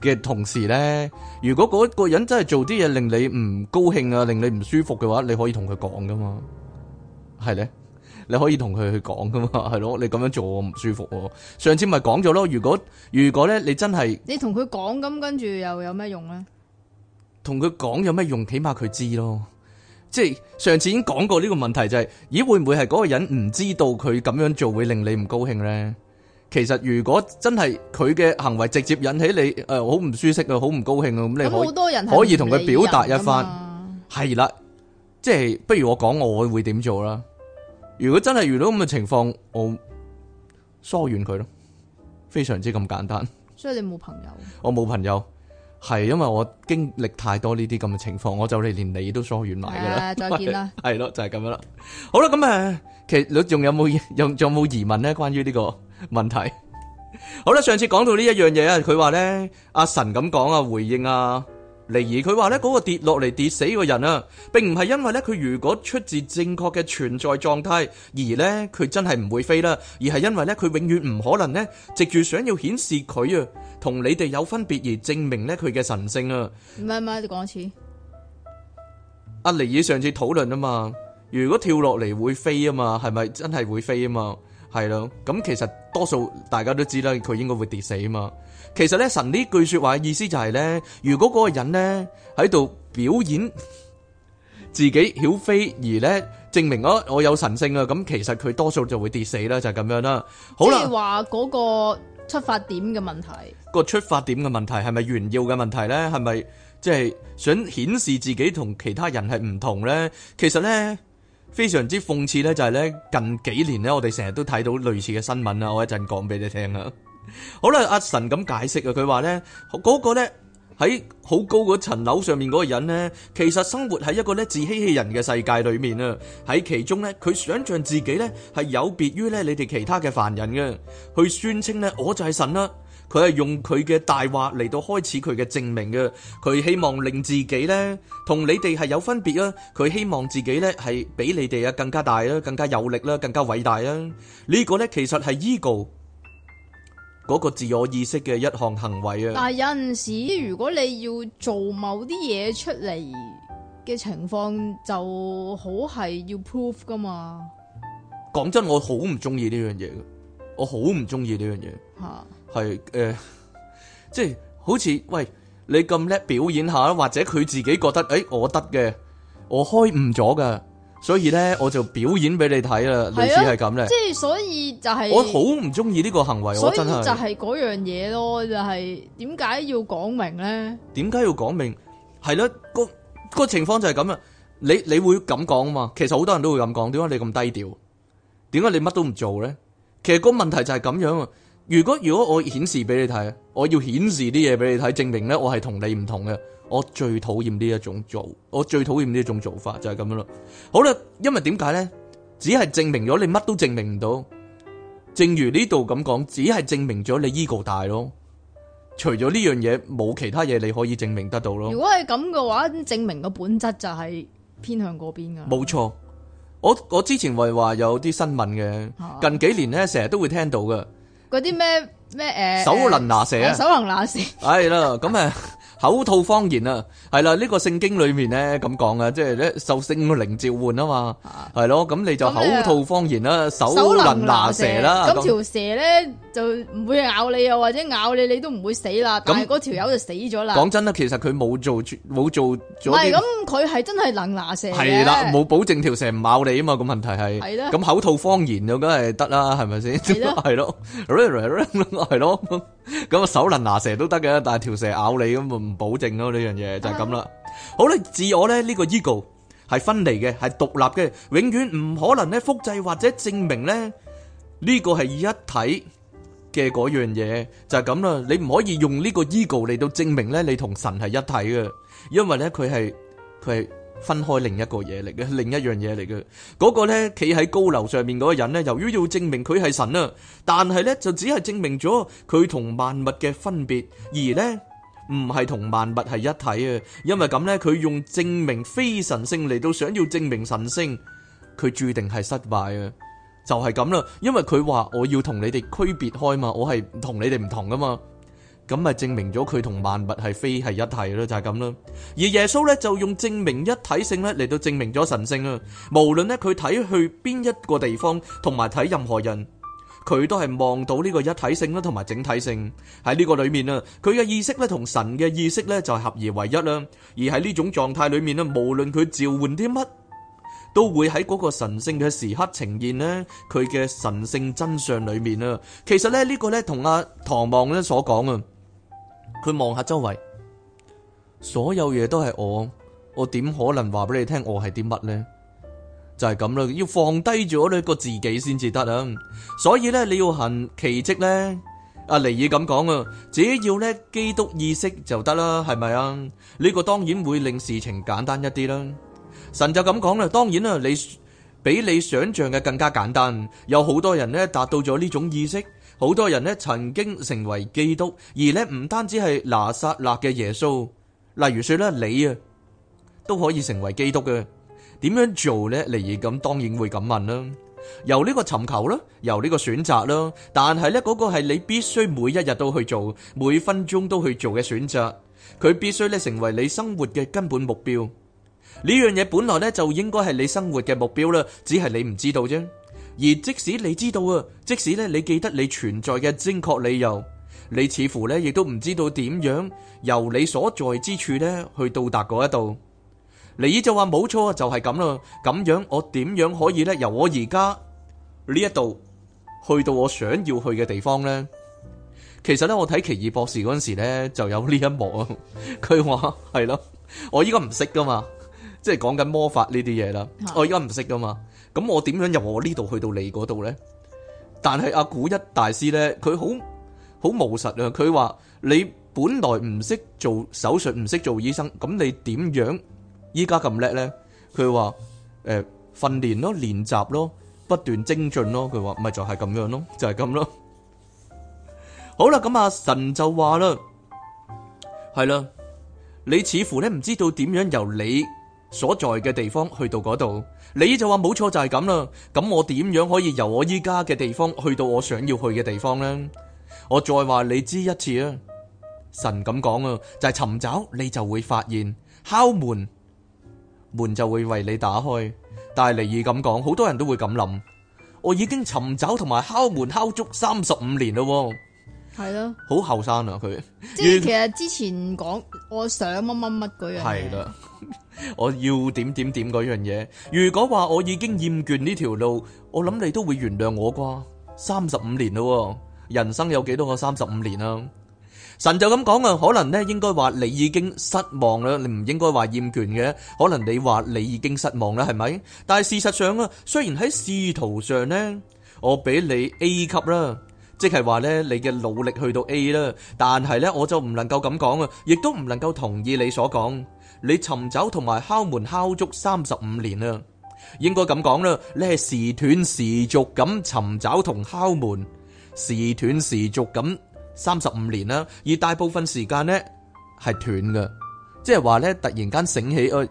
Speaker 2: 嘅同時咧，如果嗰個人真係做啲嘢令你唔高興啊，令你唔舒服嘅話，你可以同佢講噶嘛，係咧，你可以同佢去講噶嘛，係咯，你咁樣做我唔舒服。上次咪講咗咯，如果如果咧，你真係
Speaker 1: 你同佢講咁，跟住又有咩用咧？
Speaker 2: 同佢講有咩用？起碼佢知咯。即係上次已經講過呢個問題，就係、是、咦，會唔會係嗰個人唔知道佢咁樣做會令你唔高興咧？其實如果真係佢嘅行為直接引起你誒好唔舒適啊，好唔高興啊，咁那麼 你好多人，人可以同佢表達一番，係啦，即係、就是、不如我講我，我會點做啦。如果真係遇到咁嘅情況，我疏遠佢咯，非常之咁簡單。
Speaker 1: 所以你冇朋友？
Speaker 2: 我冇朋友。係，因為我經歷太多呢啲咁嘅情況，我就嚟連你都疏遠埋噶啦。再見啦，係咯， 就係咁樣啦。好啦，咁誒，其實你仲有冇有有冇疑問咧？關於呢個問題。 好啦，上次講到呢一樣嘢啊，佢話咧阿神咁講啊，回應啊。尼爾佢話咧嗰個跌落嚟跌死嗰個人啊，並唔係因為咧佢如果出自正確嘅存在狀態，而咧佢真係唔會飛啦，而係因為咧佢永遠唔可能咧藉住想要顯示佢啊同你哋有分別而證明咧佢嘅神性啊。
Speaker 1: 唔係唔係，你講一次。
Speaker 2: 阿尼爾上次討論啊嘛，如果跳落嚟會飛啊嘛，係咪真係會飛啊嘛？係咯，咁其實多數大家都知啦，佢應該會跌死啊嘛。其實咧，神呢句說話嘅意思就係、是、咧，如果嗰個人咧喺度表演自己曉飛，而咧證明我我有神性啊，咁其實佢多數就會跌死啦，就係、是、咁樣啦。好啦，即係
Speaker 1: 話嗰個出發點嘅問題，
Speaker 2: 個出發點嘅問題係咪炫耀嘅問題咧？係咪即係想顯示自己同其他人係唔同咧？其實咧。非常之諷刺咧，就係咧近幾年咧，我哋成日都睇到類似嘅新聞啊。我一陣講俾你聽啊。 好啦，阿神咁解釋啊，佢話咧嗰個咧喺好高嗰層樓上面嗰個人咧，其實生活喺一個咧自欺欺人嘅世界裏面啊。喺其中咧，佢想像自己咧係有別於咧你哋其他嘅凡人嘅，去宣稱咧我就係神啦。佢係用佢嘅大話嚟到開始佢嘅證明嘅，佢希望令自己咧同你哋係有分別啊，佢希望自己咧係比你哋啊更加大啦，更加有力啦，更加偉大啦。這個、呢個咧其實係 ego 嗰個自我意識嘅一項行、行為啊。但
Speaker 1: 係有陣時，如果你要做某啲嘢出嚟嘅情況，就好係要 proof 噶嘛。
Speaker 2: 講真，我好唔中意呢樣嘢，我好唔中意呢樣嘢。 係誒，即係好似喂，你咁叻表演下啦，或者佢自己覺得誒，我得嘅，我開悟咗噶，所以咧我就表演俾你睇啦，類似係咁咧，即係
Speaker 1: 所以就係我好
Speaker 2: 唔中意呢個行為，所以就係
Speaker 1: 嗰樣嘢咯，就係點解要講明咧？
Speaker 2: 點解要講明？係咯，個個情況就係咁啊！你你會咁講啊嘛？其實好多人都會咁講，點解你咁低調？點解你乜都唔做咧？其實個問題就係咁樣啊！如果如果我顯示俾你睇，我要顯示啲嘢俾你睇，證明咧我係同你唔同嘅。我最討厭呢一種做，我最討厭呢一種做法就係咁樣咯。好啦，因為點解咧？只係證明咗你乜都證明唔到，正如呢度咁講，只係證明咗你依個大咯。除咗呢樣嘢，冇其他嘢你可以證明得到咯。如
Speaker 1: 果係咁嘅話，證明嘅本質就係偏向嗰邊噶。冇
Speaker 2: 錯，我我之前話話有啲新聞嘅，啊、近幾年咧成日都會聽到嘅。
Speaker 1: 嗰啲咩咩，誒手能
Speaker 2: 拿蛇，啊嗯，手
Speaker 1: 能拿蛇，
Speaker 2: 係啦，咁誒。口吐方言啊，係啦，呢個聖經裏面咧，咁講啊，即係咧受聖靈召喚啊嘛，係咯，咁你就口吐方言啦，手能拿蛇啦，咁條
Speaker 1: 蛇咧就唔會咬你，啊，或者咬你，你都唔會死啦。咁嗰條友就死咗啦。講
Speaker 2: 真啦，其實佢冇做冇做咗。唔係，咁
Speaker 1: 佢係真係能拿蛇。係啦，冇
Speaker 2: 保證條蛇唔咬你啊嘛，咁問題係。係啦的。咁口吐方言就梗係得啦，係咪先？係咯，run 係咯，咁啊手能拿蛇都得嘅，但係條蛇咬你咁啊。唔保證咯，呢樣嘢就係咁啦。好啦，自我咧呢個 ego 係分離嘅，係獨立嘅，永遠唔可能咧複製或者證明咧呢個係一體嘅嗰樣嘢就係咁啦。你唔可以用呢個 ego 嚟到證明咧你同神係一體嘅，因為咧佢係佢係分開另一個嘢嚟嘅，另一樣嘢嚟嘅。嗰個咧企喺高樓上面嗰個人咧，由於要證明佢係神，啊，但係咧就只係證明咗佢同萬物嘅分別，而咧。唔係同萬物係一體啊，因為咁呢，佢用證明非神聖嚟到想要證明神聖，佢注定係失敗啊，就係咁啦。因為佢話我要同你哋區別開嘛，我係同你哋唔同噶嘛，咁咪證明咗佢同萬物係非係一體咯，就係咁啦。而耶穌呢，就用證明一體性咧嚟到證明咗神聖啊，無論呢，佢睇去邊一個地方，同埋睇任何人。佢都係望到呢個一體性啦，同埋整體性喺呢個裏面啦。佢嘅意識咧，同神嘅意識咧就係合而為一啦。而喺呢種狀態裏面咧，無論佢召喚啲乜，都會喺嗰個神聖嘅時刻呈現咧佢嘅神聖真相裏面啦。其實咧呢個咧同阿唐望咧所講啊，佢望下周圍，所有嘢都係我，我點可能話俾你聽我係啲乜咧？就係咁啦，要放低咗我哋個自己先至得啊！所以咧，你要行奇跡咧，阿、啊、尼爾咁講啊，只要咧基督意識就得啦，係咪啊？呢、這個當然會令事情簡單一啲啦。神就咁講啦，當然啦，你比你想象嘅更加簡單。有好多人咧達到咗呢種意識，好多人咧曾經成為基督，而咧唔單止係拿撒勒嘅耶穌，例如說咧你啊，都可以成為基督嘅。點樣做呢？例如咁，當然會咁問啦。由呢個尋求啦，由呢個選擇啦。但係呢，嗰個係你必須每一日都去做，每分鐘都去做嘅選擇。佢必須咧成為你生活嘅根本目標。呢樣嘢本來呢，就應該係你生活嘅目標啦，只係你唔知道啫。而即使你知道啊，即使呢你記得你存在嘅正確理由，你似乎呢亦都唔知道點樣由你所在之處呢去到達嗰一度。你就話冇錯啊，就係咁啦。咁樣我點樣可以咧？由我而家呢一度去到我想要去嘅地方咧？其實咧，我睇奇異博士嗰陣時咧就有呢一幕啊。佢話係咯，我依家唔識噶嘛，即係講緊魔法呢啲嘢啦。嗯、我依家唔識噶嘛，咁我點樣由我呢度去到你嗰度咧？但係阿古一大師咧，佢好好務實啊。佢話你本來唔識做手術，唔識做醫生，咁你點樣？依家咁叻呢，佢話誒訓練咯，練習咯，不斷精進咯。佢話咪就係咁樣咯，就係咁咯。好啦，咁啊神就話啦，係啦，你似乎咧唔知道點樣由你所在嘅地方去到嗰度，你就話冇錯就係咁啦。咁我點樣可以由我依家嘅地方去到我想要去嘅地方呢？我再話你知一次啊。神咁講啊，就係尋找，你就會發現敲門。門就會為你打開，但係尼爾咁講，好多人都會咁諗。我已經尋找同埋敲門敲足三十五年咯，係咯
Speaker 1: 的，
Speaker 2: 好後生啊佢。即是 原其實
Speaker 1: 之前講，我想乜乜乜嗰樣，係
Speaker 2: 啦，我要點點點嗰樣嘢。如果話我已經厭倦呢條路，我諗你都會原諒我啩？三十五年咯，人生有幾多個三十五年啊？神就咁講啊，可能呢應該話你已經失望啦，你唔應該話厭倦嘅。可能你話你已經失望啦，係咪？但係事實上啊，雖然喺仕途上呢，我俾你 A 級啦，即係話呢，你嘅努力去到 A 啦，但係呢，我就唔能夠咁講啊，亦都唔能夠同意你所講。你尋找同埋敲門敲足三十五年啦，應該咁講啦，你係時斷時續咁尋找同敲門，時斷時續咁。三十五年啦，而大部分時間呢係斷嘅，即係話呢突然間醒起去啊、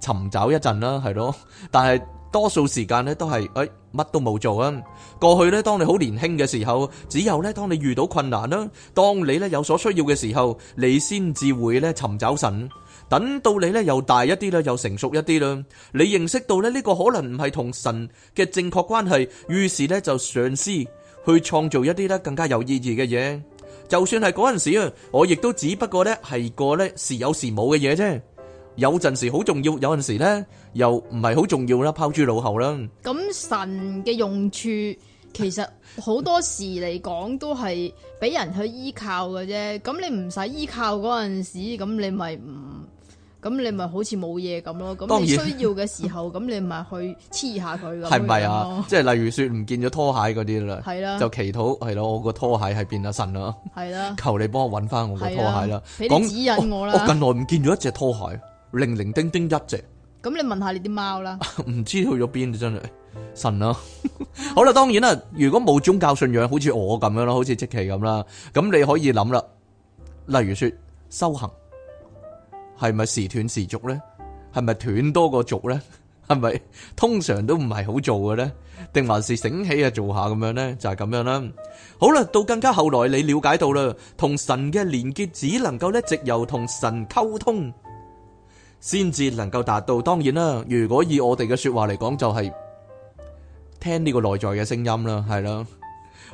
Speaker 2: 尋找一陣啦，係咯。但係多數時間呢都係誒乜都冇做啊。過去呢，當你好年輕嘅時候，只有呢，當你遇到困難啦，當你呢有所需要嘅時候，你先至會呢尋找神。等到你呢又大一啲啦，又成熟一啲啦，你認識到呢呢個可能唔係同神嘅正確關係，於是呢就嘗試去創造一啲咧更加有意義嘅嘢，就算係嗰陣時啊，我亦都只不過咧係個咧時有時冇嘅嘢啫，有陣時好重要，有陣時咧又唔係好重要啦，拋諸腦後啦。
Speaker 1: 咁神嘅用處其實好多時嚟講都係俾人去依靠嘅啫，咁你唔使依靠嗰陣時，咁你咪唔。咁你咪好似冇嘢咁咯，咁你需要嘅時候，咁你咪去黐下佢，係咪啊？
Speaker 2: 即係例如說唔見咗拖鞋嗰啲啦，係啦，就祈禱係咯，我個拖鞋喺邊啊，神啊，係啦，求你幫我揾翻我個拖鞋啦，講指引我啦，我近來唔見咗一隻拖鞋，零零丁丁一隻，
Speaker 1: 咁你問下你啲貓啦，
Speaker 2: 唔知去咗邊真係神啊！好啦，當然啦，如果冇宗教信仰，好似我咁樣咯，好似即其咁啦，咁你可以諗啦，例如說修行。係咪時斷時續呢？係咪斷多過續呢？係咪通常都唔係好做嘅呢？定還是醒起啊做下咁樣呢？就係咁樣啦。好啦，到更加後來你了解到啦，同神嘅連結只能夠藉由同神溝通，先至能夠達到。當然啦，如果以我哋嘅說話嚟講，就係聽呢個內在嘅聲音啦。係啦，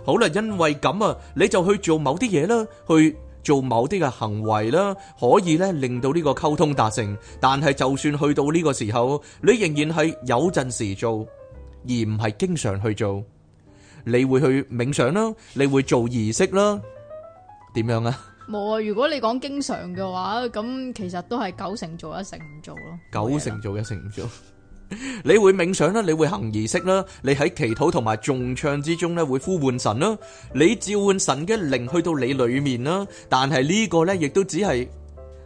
Speaker 2: 好啦，因為咁啊，你就去做某啲嘢啦，去。做某啲嘅行為啦，可以咧令到呢個溝通達成。但係就算去到呢個時候，你仍然係有陣時做，而唔係經常去做。你會去冥想啦，你會做儀式啦，點樣啊？
Speaker 1: 冇啊！如果你講經常嘅話，咁其實都係九成做一成唔做咯，
Speaker 2: 九成做一成唔做。你會冥想啦，你會行儀式啦，你喺祈禱同埋頌唱之中咧，會呼喚神啦，你召喚神嘅靈去到你裏面啦。但係呢個咧，亦都只係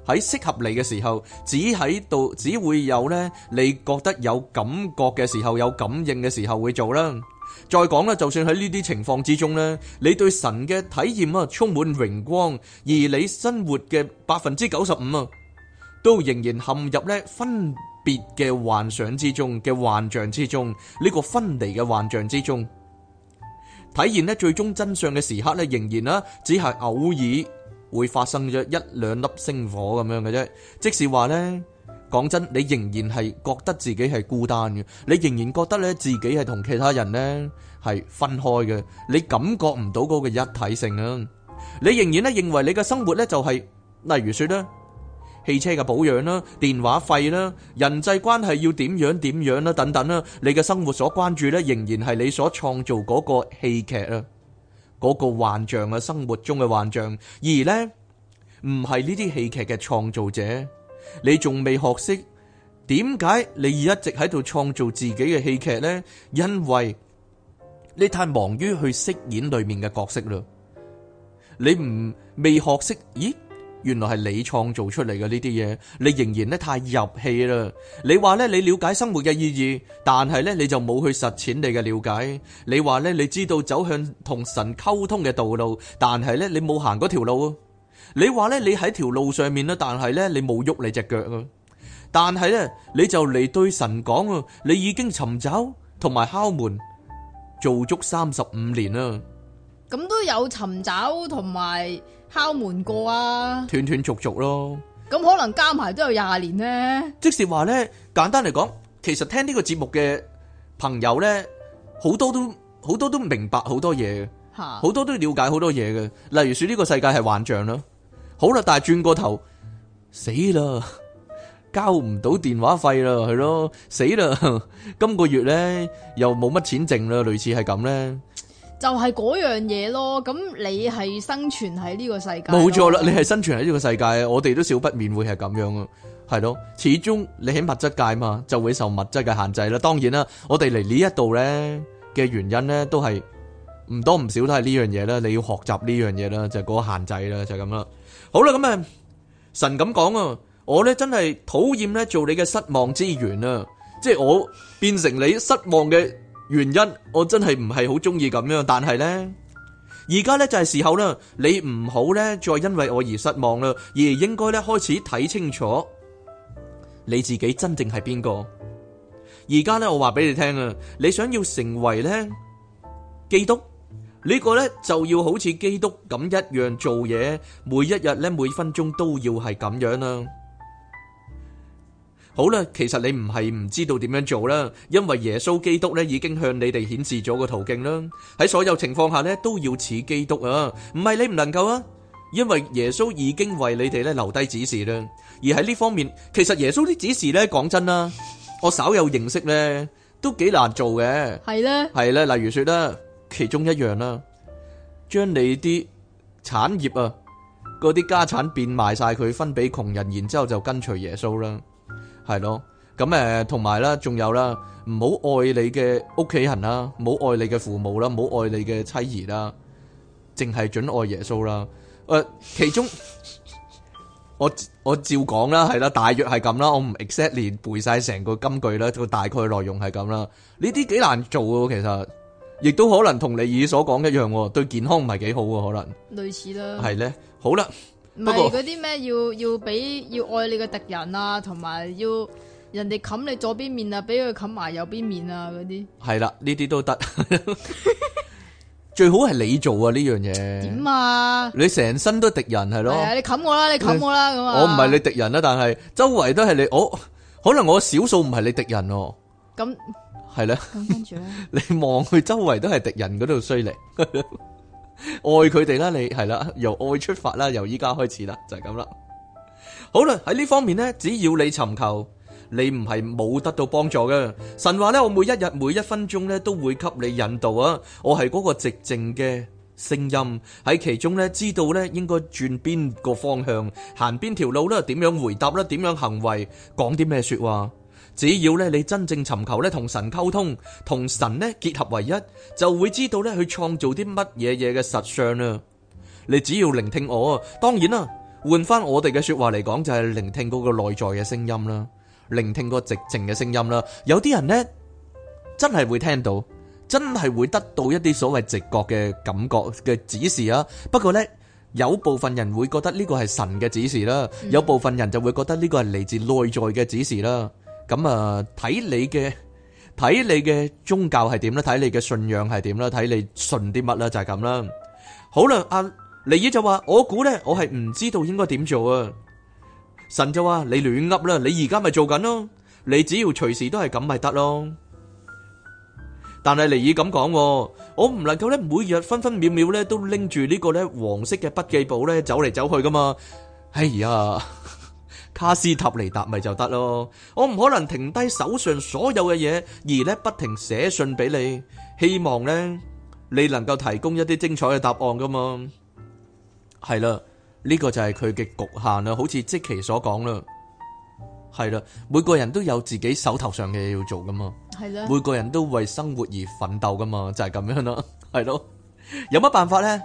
Speaker 2: 喺適合你嘅時候，只喺度，只會有咧你覺得有感覺嘅時候，有感應嘅時候會做啦。再講啦，就算喺呢啲情況之中咧，你對神嘅體驗啊，充滿榮光，而你生活嘅百分之九十五啊，都仍然陷入咧分。別嘅幻想之中嘅幻象之中，呢個分離嘅幻象之中，體現呢最終真相嘅時刻呢，仍然啦，只係偶爾會發生咗一兩粒星火咁樣嘅啫。即使話呢，講真，你仍然係覺得自己係孤單嘅，你仍然覺得呢自己係同其他人呢係分開嘅，你感覺唔到嗰個一體性啊。你仍然呢認為你嘅生活呢就係，例如說呢。汽車嘅保養啦，電話費啦，人際關係要點樣點樣啦，等等啦，你嘅生活所關注咧，仍然係你所創造嗰個戲劇啊，嗰個幻象啊，生活中嘅幻象，而呢唔係呢啲戲劇嘅創造者，你仲未學識點解你一直喺度創造自己嘅戲劇呢？因為你太忙於去飾演裏面嘅角色啦，你唔未學識咦？原來係你創造出嚟嘅，呢啲嘢，你仍然咧太入戲啦。你話咧，你了解生活嘅意義，但係咧你就冇去實踐你嘅了解。你話咧，你知道走向同神溝通嘅道路，但係咧你冇行嗰條路啊。你話咧，你喺條路上面啦，但係咧你冇喐你隻腳啊。但係咧，你就嚟對神講啊，你已經尋找同埋敲門，做足三十五年啦。
Speaker 1: 咁都有尋找同埋。敲門過啊，
Speaker 2: 斷斷續續咯。
Speaker 1: 咁可能加埋都有廿年咧。
Speaker 2: 即是話咧，簡單嚟講，其實聽呢個節目嘅朋友咧，好多都好多都明白好多嘢嘅，好多、啊、都了解好多嘢嘅。例如說呢個世界係幻象咯。好啦，但係轉過頭，死啦，交唔到電話費啦，係咯，死啦，今個月咧又冇乜錢剩啦，類似係咁咧。
Speaker 1: 就係嗰樣嘢咯，咁你係生存喺呢個世界，冇錯啦。你係生
Speaker 2: 存喺呢個世界，我哋都少不免會係咁樣啊，係咯。始終你喺物質界嘛，就會受物質嘅限制啦。當然啦，我哋嚟呢一度咧嘅原因咧，都係唔多唔少都係呢樣嘢啦。你要學習呢樣嘢啦，就嗰個限制啦，就係咁啦。好啦，咁啊，神咁講啊，我咧真係討厭咧做你嘅失望之源啊，即係我變成你失望嘅。原因我真係唔係好中意咁樣，但係呢，而家呢就係時候啦，你唔好呢再因為我而失望啦，而應該呢開始睇清楚你自己真正係邊個。而家呢，我話俾你聽啊，你想要成為呢基督呢個呢就要好似基督咁一樣做嘢，每一日呢每分鐘都要係咁樣啦。好啦，其實你唔係唔知道點樣做啦，因為耶穌基督咧已經向你哋顯示咗個途徑啦。喺所有情況下咧，都要似基督啊，唔係你唔能夠啊，因為耶穌已經為你哋咧留低指示啦。而喺呢方面，其實耶穌啲指示咧，講真啦，我稍有認識咧，都幾難做嘅。係咧呢，係咧，例如說咧，其中一樣啦，將你啲產業啊，嗰啲家產變賣晒佢，分俾窮人，然之後就跟隨耶穌啦。係咯，咁誒，同埋啦，仲有啦，唔好愛你嘅屋企人啦，唔好愛你嘅父母啦，唔好愛你嘅妻兒啦，淨係准愛耶穌啦。誒、呃，其中 我我照講啦，係啦，大約係咁啦，我唔 exactly 背晒成個金句啦，個大概內容係咁啦。呢啲幾難做嘅，其實，亦都可能同你以前所講一樣，對健康唔係幾好嘅可能。
Speaker 1: 類似啦。係
Speaker 2: 咧，好啦。
Speaker 1: 唔係嗰啲咩？要要俾要愛你嘅敵人啊，同埋要人哋冚你左邊面啊，俾佢冚埋右邊面啊，嗰啲
Speaker 2: 係啦，呢啲都得。 最好係你做啊呢樣嘢。點
Speaker 1: 啊，啊？
Speaker 2: 你成身都敵人係咯。
Speaker 1: 你冚我啦，你冚我啦咁你啊！我唔係你
Speaker 2: 敵人啦，但係周圍都係你。我、哦、可能我少數唔係你敵人哦、啊。咁係啦。咁跟住咧？ 你望佢周圍都係敵人嗰度衰嚟。 愛佢哋啦，你係啦，由愛出發啦，由依家開始啦，就係咁啦。好啦，喺呢方面呢，只要你尋求，你唔係冇得到幫助嘅。神話呢，我每一日每一分鐘呢，都會給你引導啊！我係嗰個寂靜嘅聲音喺其中呢，知道呢應該轉邊個方向，行邊條路呢，點樣回答呢，點樣行為，講啲咩說話。只要咧你真正尋求咧同神溝通，同神咧結合為一，就會知道咧去創造啲乜嘢嘢嘅實相啦。你只要聆聽我，當然啦，換翻我哋嘅說話嚟講，就係聆聽嗰個內在嘅聲音啦，聆聽個寂靜嘅聲音啦。有啲人咧真係會聽到，真係會得到一啲所謂直覺嘅感覺嘅指示啊。不過咧，有部分人會覺得呢個係神嘅指示啦，有部分人就會覺得呢個係嚟自內在嘅指示啦。咁啊，睇你嘅睇你嘅宗教係點啦，睇你嘅信仰係點啦，睇你信啲乜啦，就係咁啦。好啦，阿尼爾就話：我估咧，我係唔知道應該點做啊。神就話：你亂噏啦，你而家咪做緊咯，你只要隨時都係咁咪得咯。但係尼爾咁講，我唔能夠咧每日分分秒秒咧都拎住呢個咧黃色嘅筆記簿咧走嚟走去噶嘛。哎呀！卡斯塔尼達咪就得咯，我唔可能停低手上所有嘅嘢，而咧不停寫信俾你，希望咧你能夠提供一啲精彩嘅答案噶嘛。係啦，呢個就係佢嘅局限啦，好似即其所講啦。係啦，每個人都有自己手頭上嘅嘢要做噶嘛，係啦，每個人都為生活而奮鬥噶嘛，就係咁樣咯，係咯。有乜辦法咧？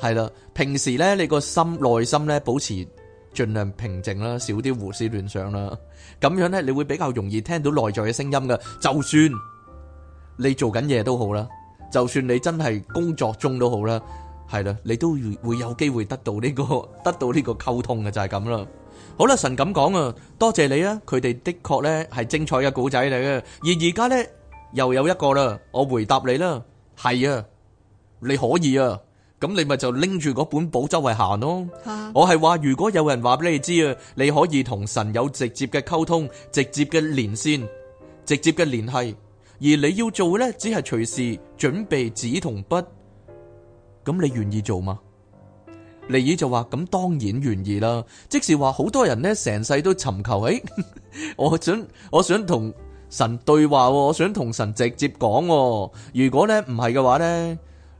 Speaker 2: 係啦，平時咧你個心內心咧保持。盡量平靜啦，少啲胡思亂想啦。咁樣呢，你會比較容易聽到內在嘅聲音噶。就算你做緊嘢都好啦，就算你真係工作中都好啦，係啦，你都會有機會得到呢個得到呢個溝通嘅就係咁啦。好啦，神咁講啊，多謝你啊，佢哋的確呢係精彩嘅古仔嚟嘅。而而家呢，又有一個啦，我回答你啦，係啊，你可以啊。咁你咪就拎住嗰本簿周圍行咯。啊、我係話如果有人話俾你知啊，你可以同神有直接嘅溝通、直接嘅連線、直接嘅聯繫，而你要做呢，只係隨時準備紙同筆。咁你願意做嗎？利爾就話：咁當然願意啦。即使話好多人呢，成世都尋求，誒， 我想我想同神對話，我想同神直接講。如果呢，唔係嘅話呢。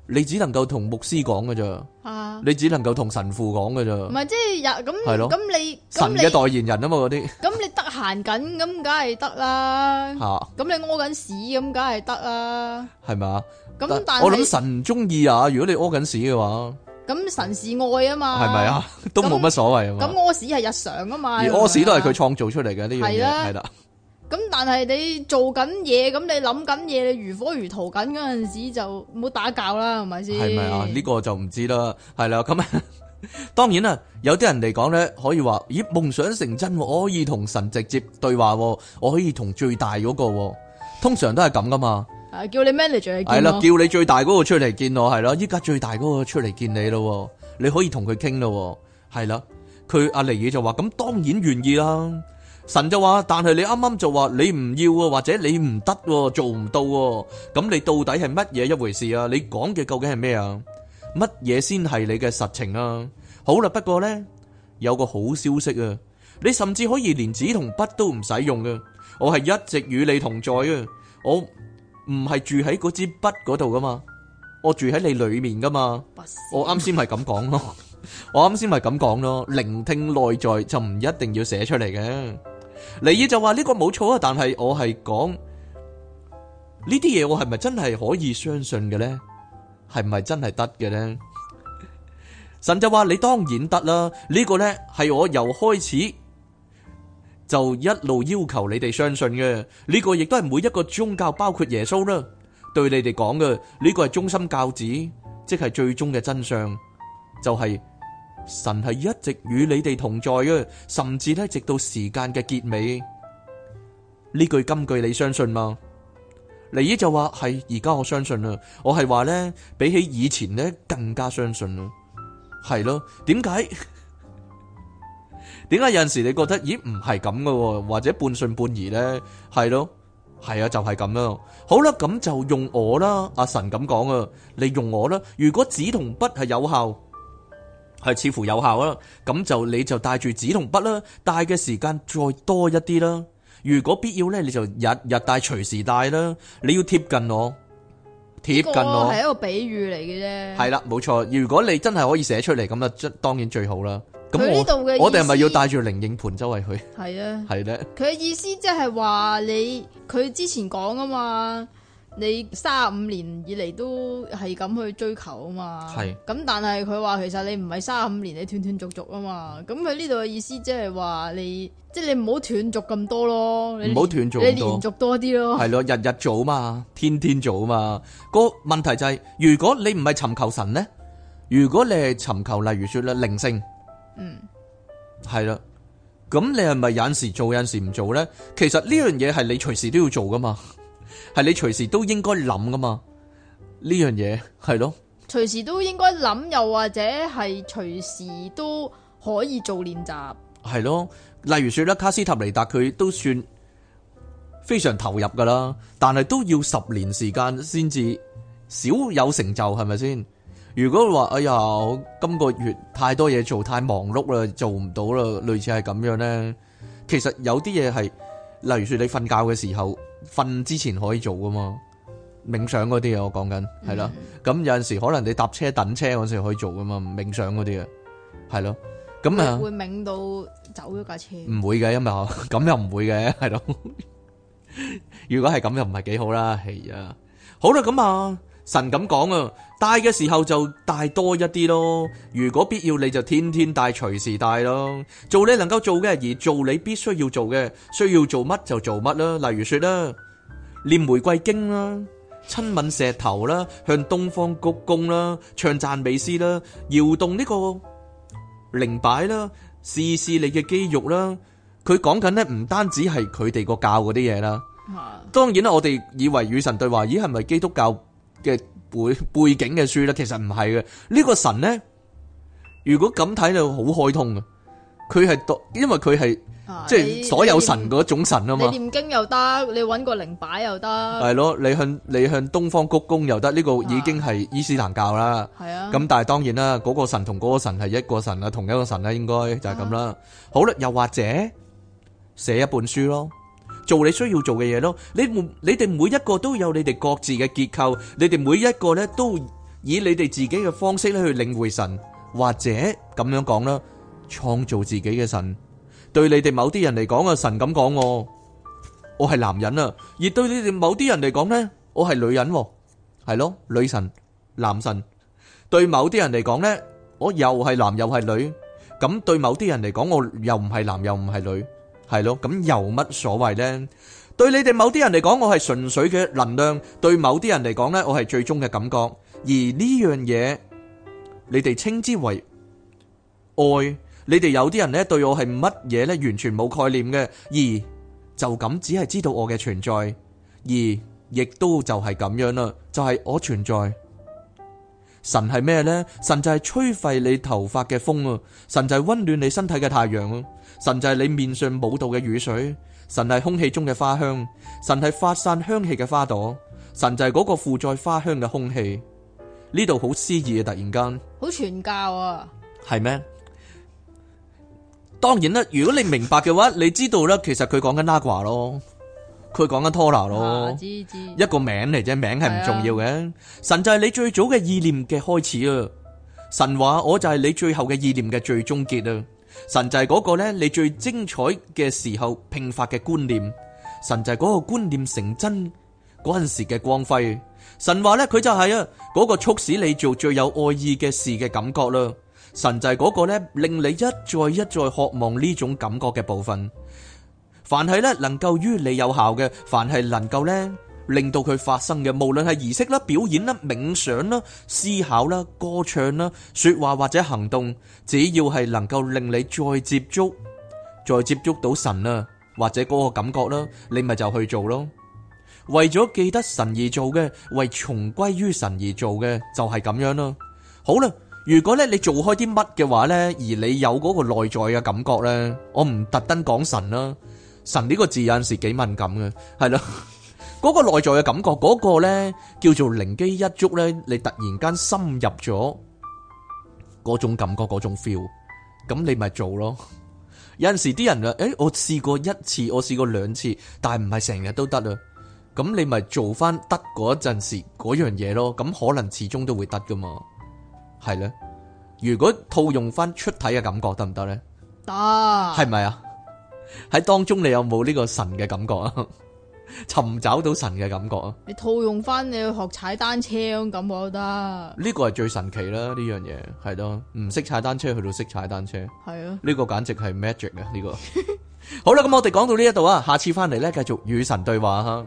Speaker 2: 你只能夠同牧師講噶咋，你只能夠同神父講噶咋，唔
Speaker 1: 係即係又咁咁你神嘅代
Speaker 2: 言人啊嘛嗰啲，
Speaker 1: 咁你得閒緊咁梗係得啦，吓，咁你屙緊屎咁梗係得啦，係咪啊？咁但係我諗神
Speaker 2: 唔中意啊，如果你屙緊屎嘅話，
Speaker 1: 咁神是愛啊嘛，係咪啊？
Speaker 2: 都冇乜所謂啊嘛，咁
Speaker 1: 屙屎係日常啊嘛，而屙屎
Speaker 2: 都係佢創造出嚟嘅呢樣嘢，係啦。
Speaker 1: 咁但係你做緊嘢，咁你諗緊嘢，你，你如火如荼緊嗰陣時就唔好打攪啦，係咪先？係咪啊？呢、這
Speaker 2: 個就唔知啦，係啦。咁當然啦，有啲人嚟講咧，可以話咦，夢想成真，我可以同神直接對話，我可以同最大嗰個，通常都係咁噶嘛。
Speaker 1: 係叫你 manager 你，係啦，叫你
Speaker 2: 最大嗰個出嚟見我，係咯，依家最大嗰個出嚟見你咯，你可以同佢傾咯，係啦。佢、啊、阿尼爾就話咁，當然願意啦。神就話，但係你啱啱就話你唔要啊，或者你唔得，啊、做唔到，啊，咁你到底係乜嘢一回事啊？你講嘅究竟係咩啊？乜嘢先係你嘅實情啊？好啦，不過呢，有個好消息啊，你甚至可以連紙同筆都唔使用噶。我係一直與你同在啊，我唔係住喺嗰支筆嗰度噶嘛，我住喺你裏面噶嘛。是我啱先咪咁講咯， 我啱先咪咁講咯，聆聽內在就唔一定要寫出嚟嘅。尼爾就話呢個冇錯啊，但係我係講呢啲嘢，我係咪真係可以相信嘅呢？係咪真係得嘅呢？神就話你當然得啦，呢個呢，係我由開始就一路要求你哋相信嘅，呢個亦都係每一個宗教，包括耶穌啦，對你哋講嘅，呢個係忠心教旨，即係最終嘅真相，就係。神係一直與你哋同在嘅，甚至咧直到時間嘅結尾。呢句金句你相信嗎？黎姨就話係，而家我相信啦。我係話咧，比起以前咧更加相信咯。係咯，點解？點 解有陣時你覺得咦唔係咁嘅，或者半信半疑咧？係咯，係啊，就係咁咯。好啦，咁就用我啦，阿神咁講啊，你用我啦。如果紙同筆係有效，係似乎有效啦，咁就你就帶住紙同筆啦，帶嘅時間再多一啲啦。如果必要咧，你就日日帶隨時帶啦。你要貼近我，貼近我係一個
Speaker 1: 比喻嚟嘅啫。係啦，
Speaker 2: 冇錯。如果你真係可以寫出嚟，咁啊，當然最好啦。咁我我哋係咪要帶住靈應盤周圍去？係啊的，係咧 的。
Speaker 1: 佢嘅意思即係話你，佢之前講啊嘛。你三十五年以嚟都係咁去追求啊嘛，係，咁但係佢話其實你唔係三十五年，你斷斷續續啊嘛，咁佢呢度嘅意思即係話你，即係你唔好斷續咁多咯，你唔好斷續，你連續多啲咯，係
Speaker 2: 咯，日日做啊嘛，天天做啊嘛，個問題就係如果你唔係尋求神咧，如果你係尋求例如說咧靈性，嗯，係啦，咁你係咪有時做有時唔做咧？其實呢樣嘢係你隨時都要做噶嘛。係你隨時都應該諗噶嘛？呢樣嘢，係咯，
Speaker 1: 隨時都應該諗，又或者係隨時都可以做練習。
Speaker 2: 係咯，例如說咧，卡斯塔尼達佢都算非常投入噶啦，但係都要十年時間先至少有成就，係咪先？如果話哎呀，今個月太多嘢做，太忙碌啦，做唔到啦，類似係咁樣咧。其實有啲嘢係，例如說你瞓覺嘅時候。瞓之前可以做噶嘛，嗯、嘛，冥想嗰啲啊，我講緊係咯，咁有陣時可能你搭車等車嗰時可以做噶嘛，冥想嗰啲啊，係咯，咁啊會
Speaker 1: 冥到走咗架車？唔
Speaker 2: 會嘅，因為咁 又唔會嘅，係咯。 如果係咁又唔係幾好啦，係啊，好啦，咁啊。神咁講啊，帶嘅時候就帶多一啲咯。如果必要，你就天天帶，隨時帶咯。做你能夠做嘅，而做你必須要做嘅，需要做乜就做乜啦。例如說啦，念玫瑰經啦，親吻石頭啦，向東方鞠躬啦，唱讚美詩啦，搖動呢個靈擺啦，試試你嘅肌肉啦。佢講緊呢，唔單止係佢哋個教嗰啲嘢啦。啊、當然啦，我哋以為與神對話，咦，係咪基督教？嘅背背景嘅書啦，其實唔係嘅。呢個神咧，如果咁睇就好開通嘅。佢係當，因為佢係即係所有神嗰種神啊嘛。念
Speaker 1: 經又得，你搵個靈擺又得。係
Speaker 2: 咯，你向你向東方鞠躬又得。呢個已經係伊斯蘭教啦。係啊。咁但係當然啦，嗰個神同嗰個神係一個神啊，同一個神啦，應該就係咁啦。好啦，又或者寫一本書咯。做你需要做嘅嘢咯，你每你哋每一個都有你哋各自嘅結構，你哋每一個咧都以你哋自己嘅方式咧去領會神，或者咁樣講啦，創造自己嘅神。對你哋某啲人嚟講，嘅神咁講我，我係男人啊，而對你哋某啲人嚟講呢，我係女人，係咯，女神、男神。對某啲人嚟講呢，我又係男又係女，咁對某啲人嚟講，我又唔係男又唔係女。係咯，咁又乜所謂呢？對你哋某啲人嚟講，我係純粹嘅能量；對某啲人嚟講呢，我係最終嘅感覺。而呢樣嘢，你哋稱之為愛。你哋有啲人咧對我係乜嘢咧？完全冇概念嘅，而就咁只係知道我嘅存在，而亦都就係咁樣啦。就係、是、我存在。神係咩呢？神就係吹拂你頭髮嘅風啊！神就係溫暖你身體嘅太陽咯。神就係你面上冇到嘅雨水，神係空氣中嘅花香，神係發散香氣嘅花朵，神就係嗰個附在花香嘅空氣。呢度好詩意啊！突然間，
Speaker 1: 好傳教啊，
Speaker 2: 係咩？當然啦，如果你明白嘅話，你知道啦，其實佢講緊拉瓜咯，佢講緊托拉咯，啊、一個名嚟啫，名係唔重要嘅。啊、神就係你最早嘅意念嘅開始啊，神話我就係你最後嘅意念嘅最終結啊。神就係嗰個咧，你最精彩嘅時候迸發嘅觀念，神就係嗰個觀念成真嗰陣時嘅光輝。神話咧，佢就係啊嗰個促使你做最有愛意嘅事嘅感覺啦。神就係嗰個咧，令你一再一再渴望呢種感覺嘅部分。凡係咧，能夠於你有效嘅，凡係能夠咧。令到佢發生嘅，無論係儀式啦、表演啦、冥想啦、思考啦、歌唱啦、說話或者行動，只要係能夠令你再接觸、再接觸到神啦，或者嗰個感覺啦，你咪就去做咯。為咗記得神而做嘅，為重歸於神而做嘅，就係咁樣咯。好啦，如果咧你做開啲乜嘅話呢，而你有嗰個內在嘅感覺呢，我唔特登講神啦，神呢個字有陣時幾敏感嘅，係啦。 嗰個內在嘅感覺，嗰個呢叫做靈機一觸呢你突然間深入咗嗰種感覺，嗰種 feel，咁你咪做咯。 有陣時啲人啊，誒，我試過一次，我試過兩次，但係唔係成日都得啊。咁你咪做翻得嗰陣時嗰樣嘢咯。咁可能始終都會得噶嘛。係呢，如果套用翻出體嘅感覺得唔得呢？
Speaker 1: 得。係
Speaker 2: 咪啊？喺當中你有冇呢個神嘅感覺啊？ 尋找到神嘅感覺啊！
Speaker 1: 你套用翻你去學踩單車，咁我覺得
Speaker 2: 呢個係最神奇啦！呢樣嘢係咯，唔識踩單車去到識踩單車，係啊！呢的個簡直係 magic 嘅呢個。 好啦，咁我哋講到呢一度啊，下次翻嚟咧繼續與神對話哈。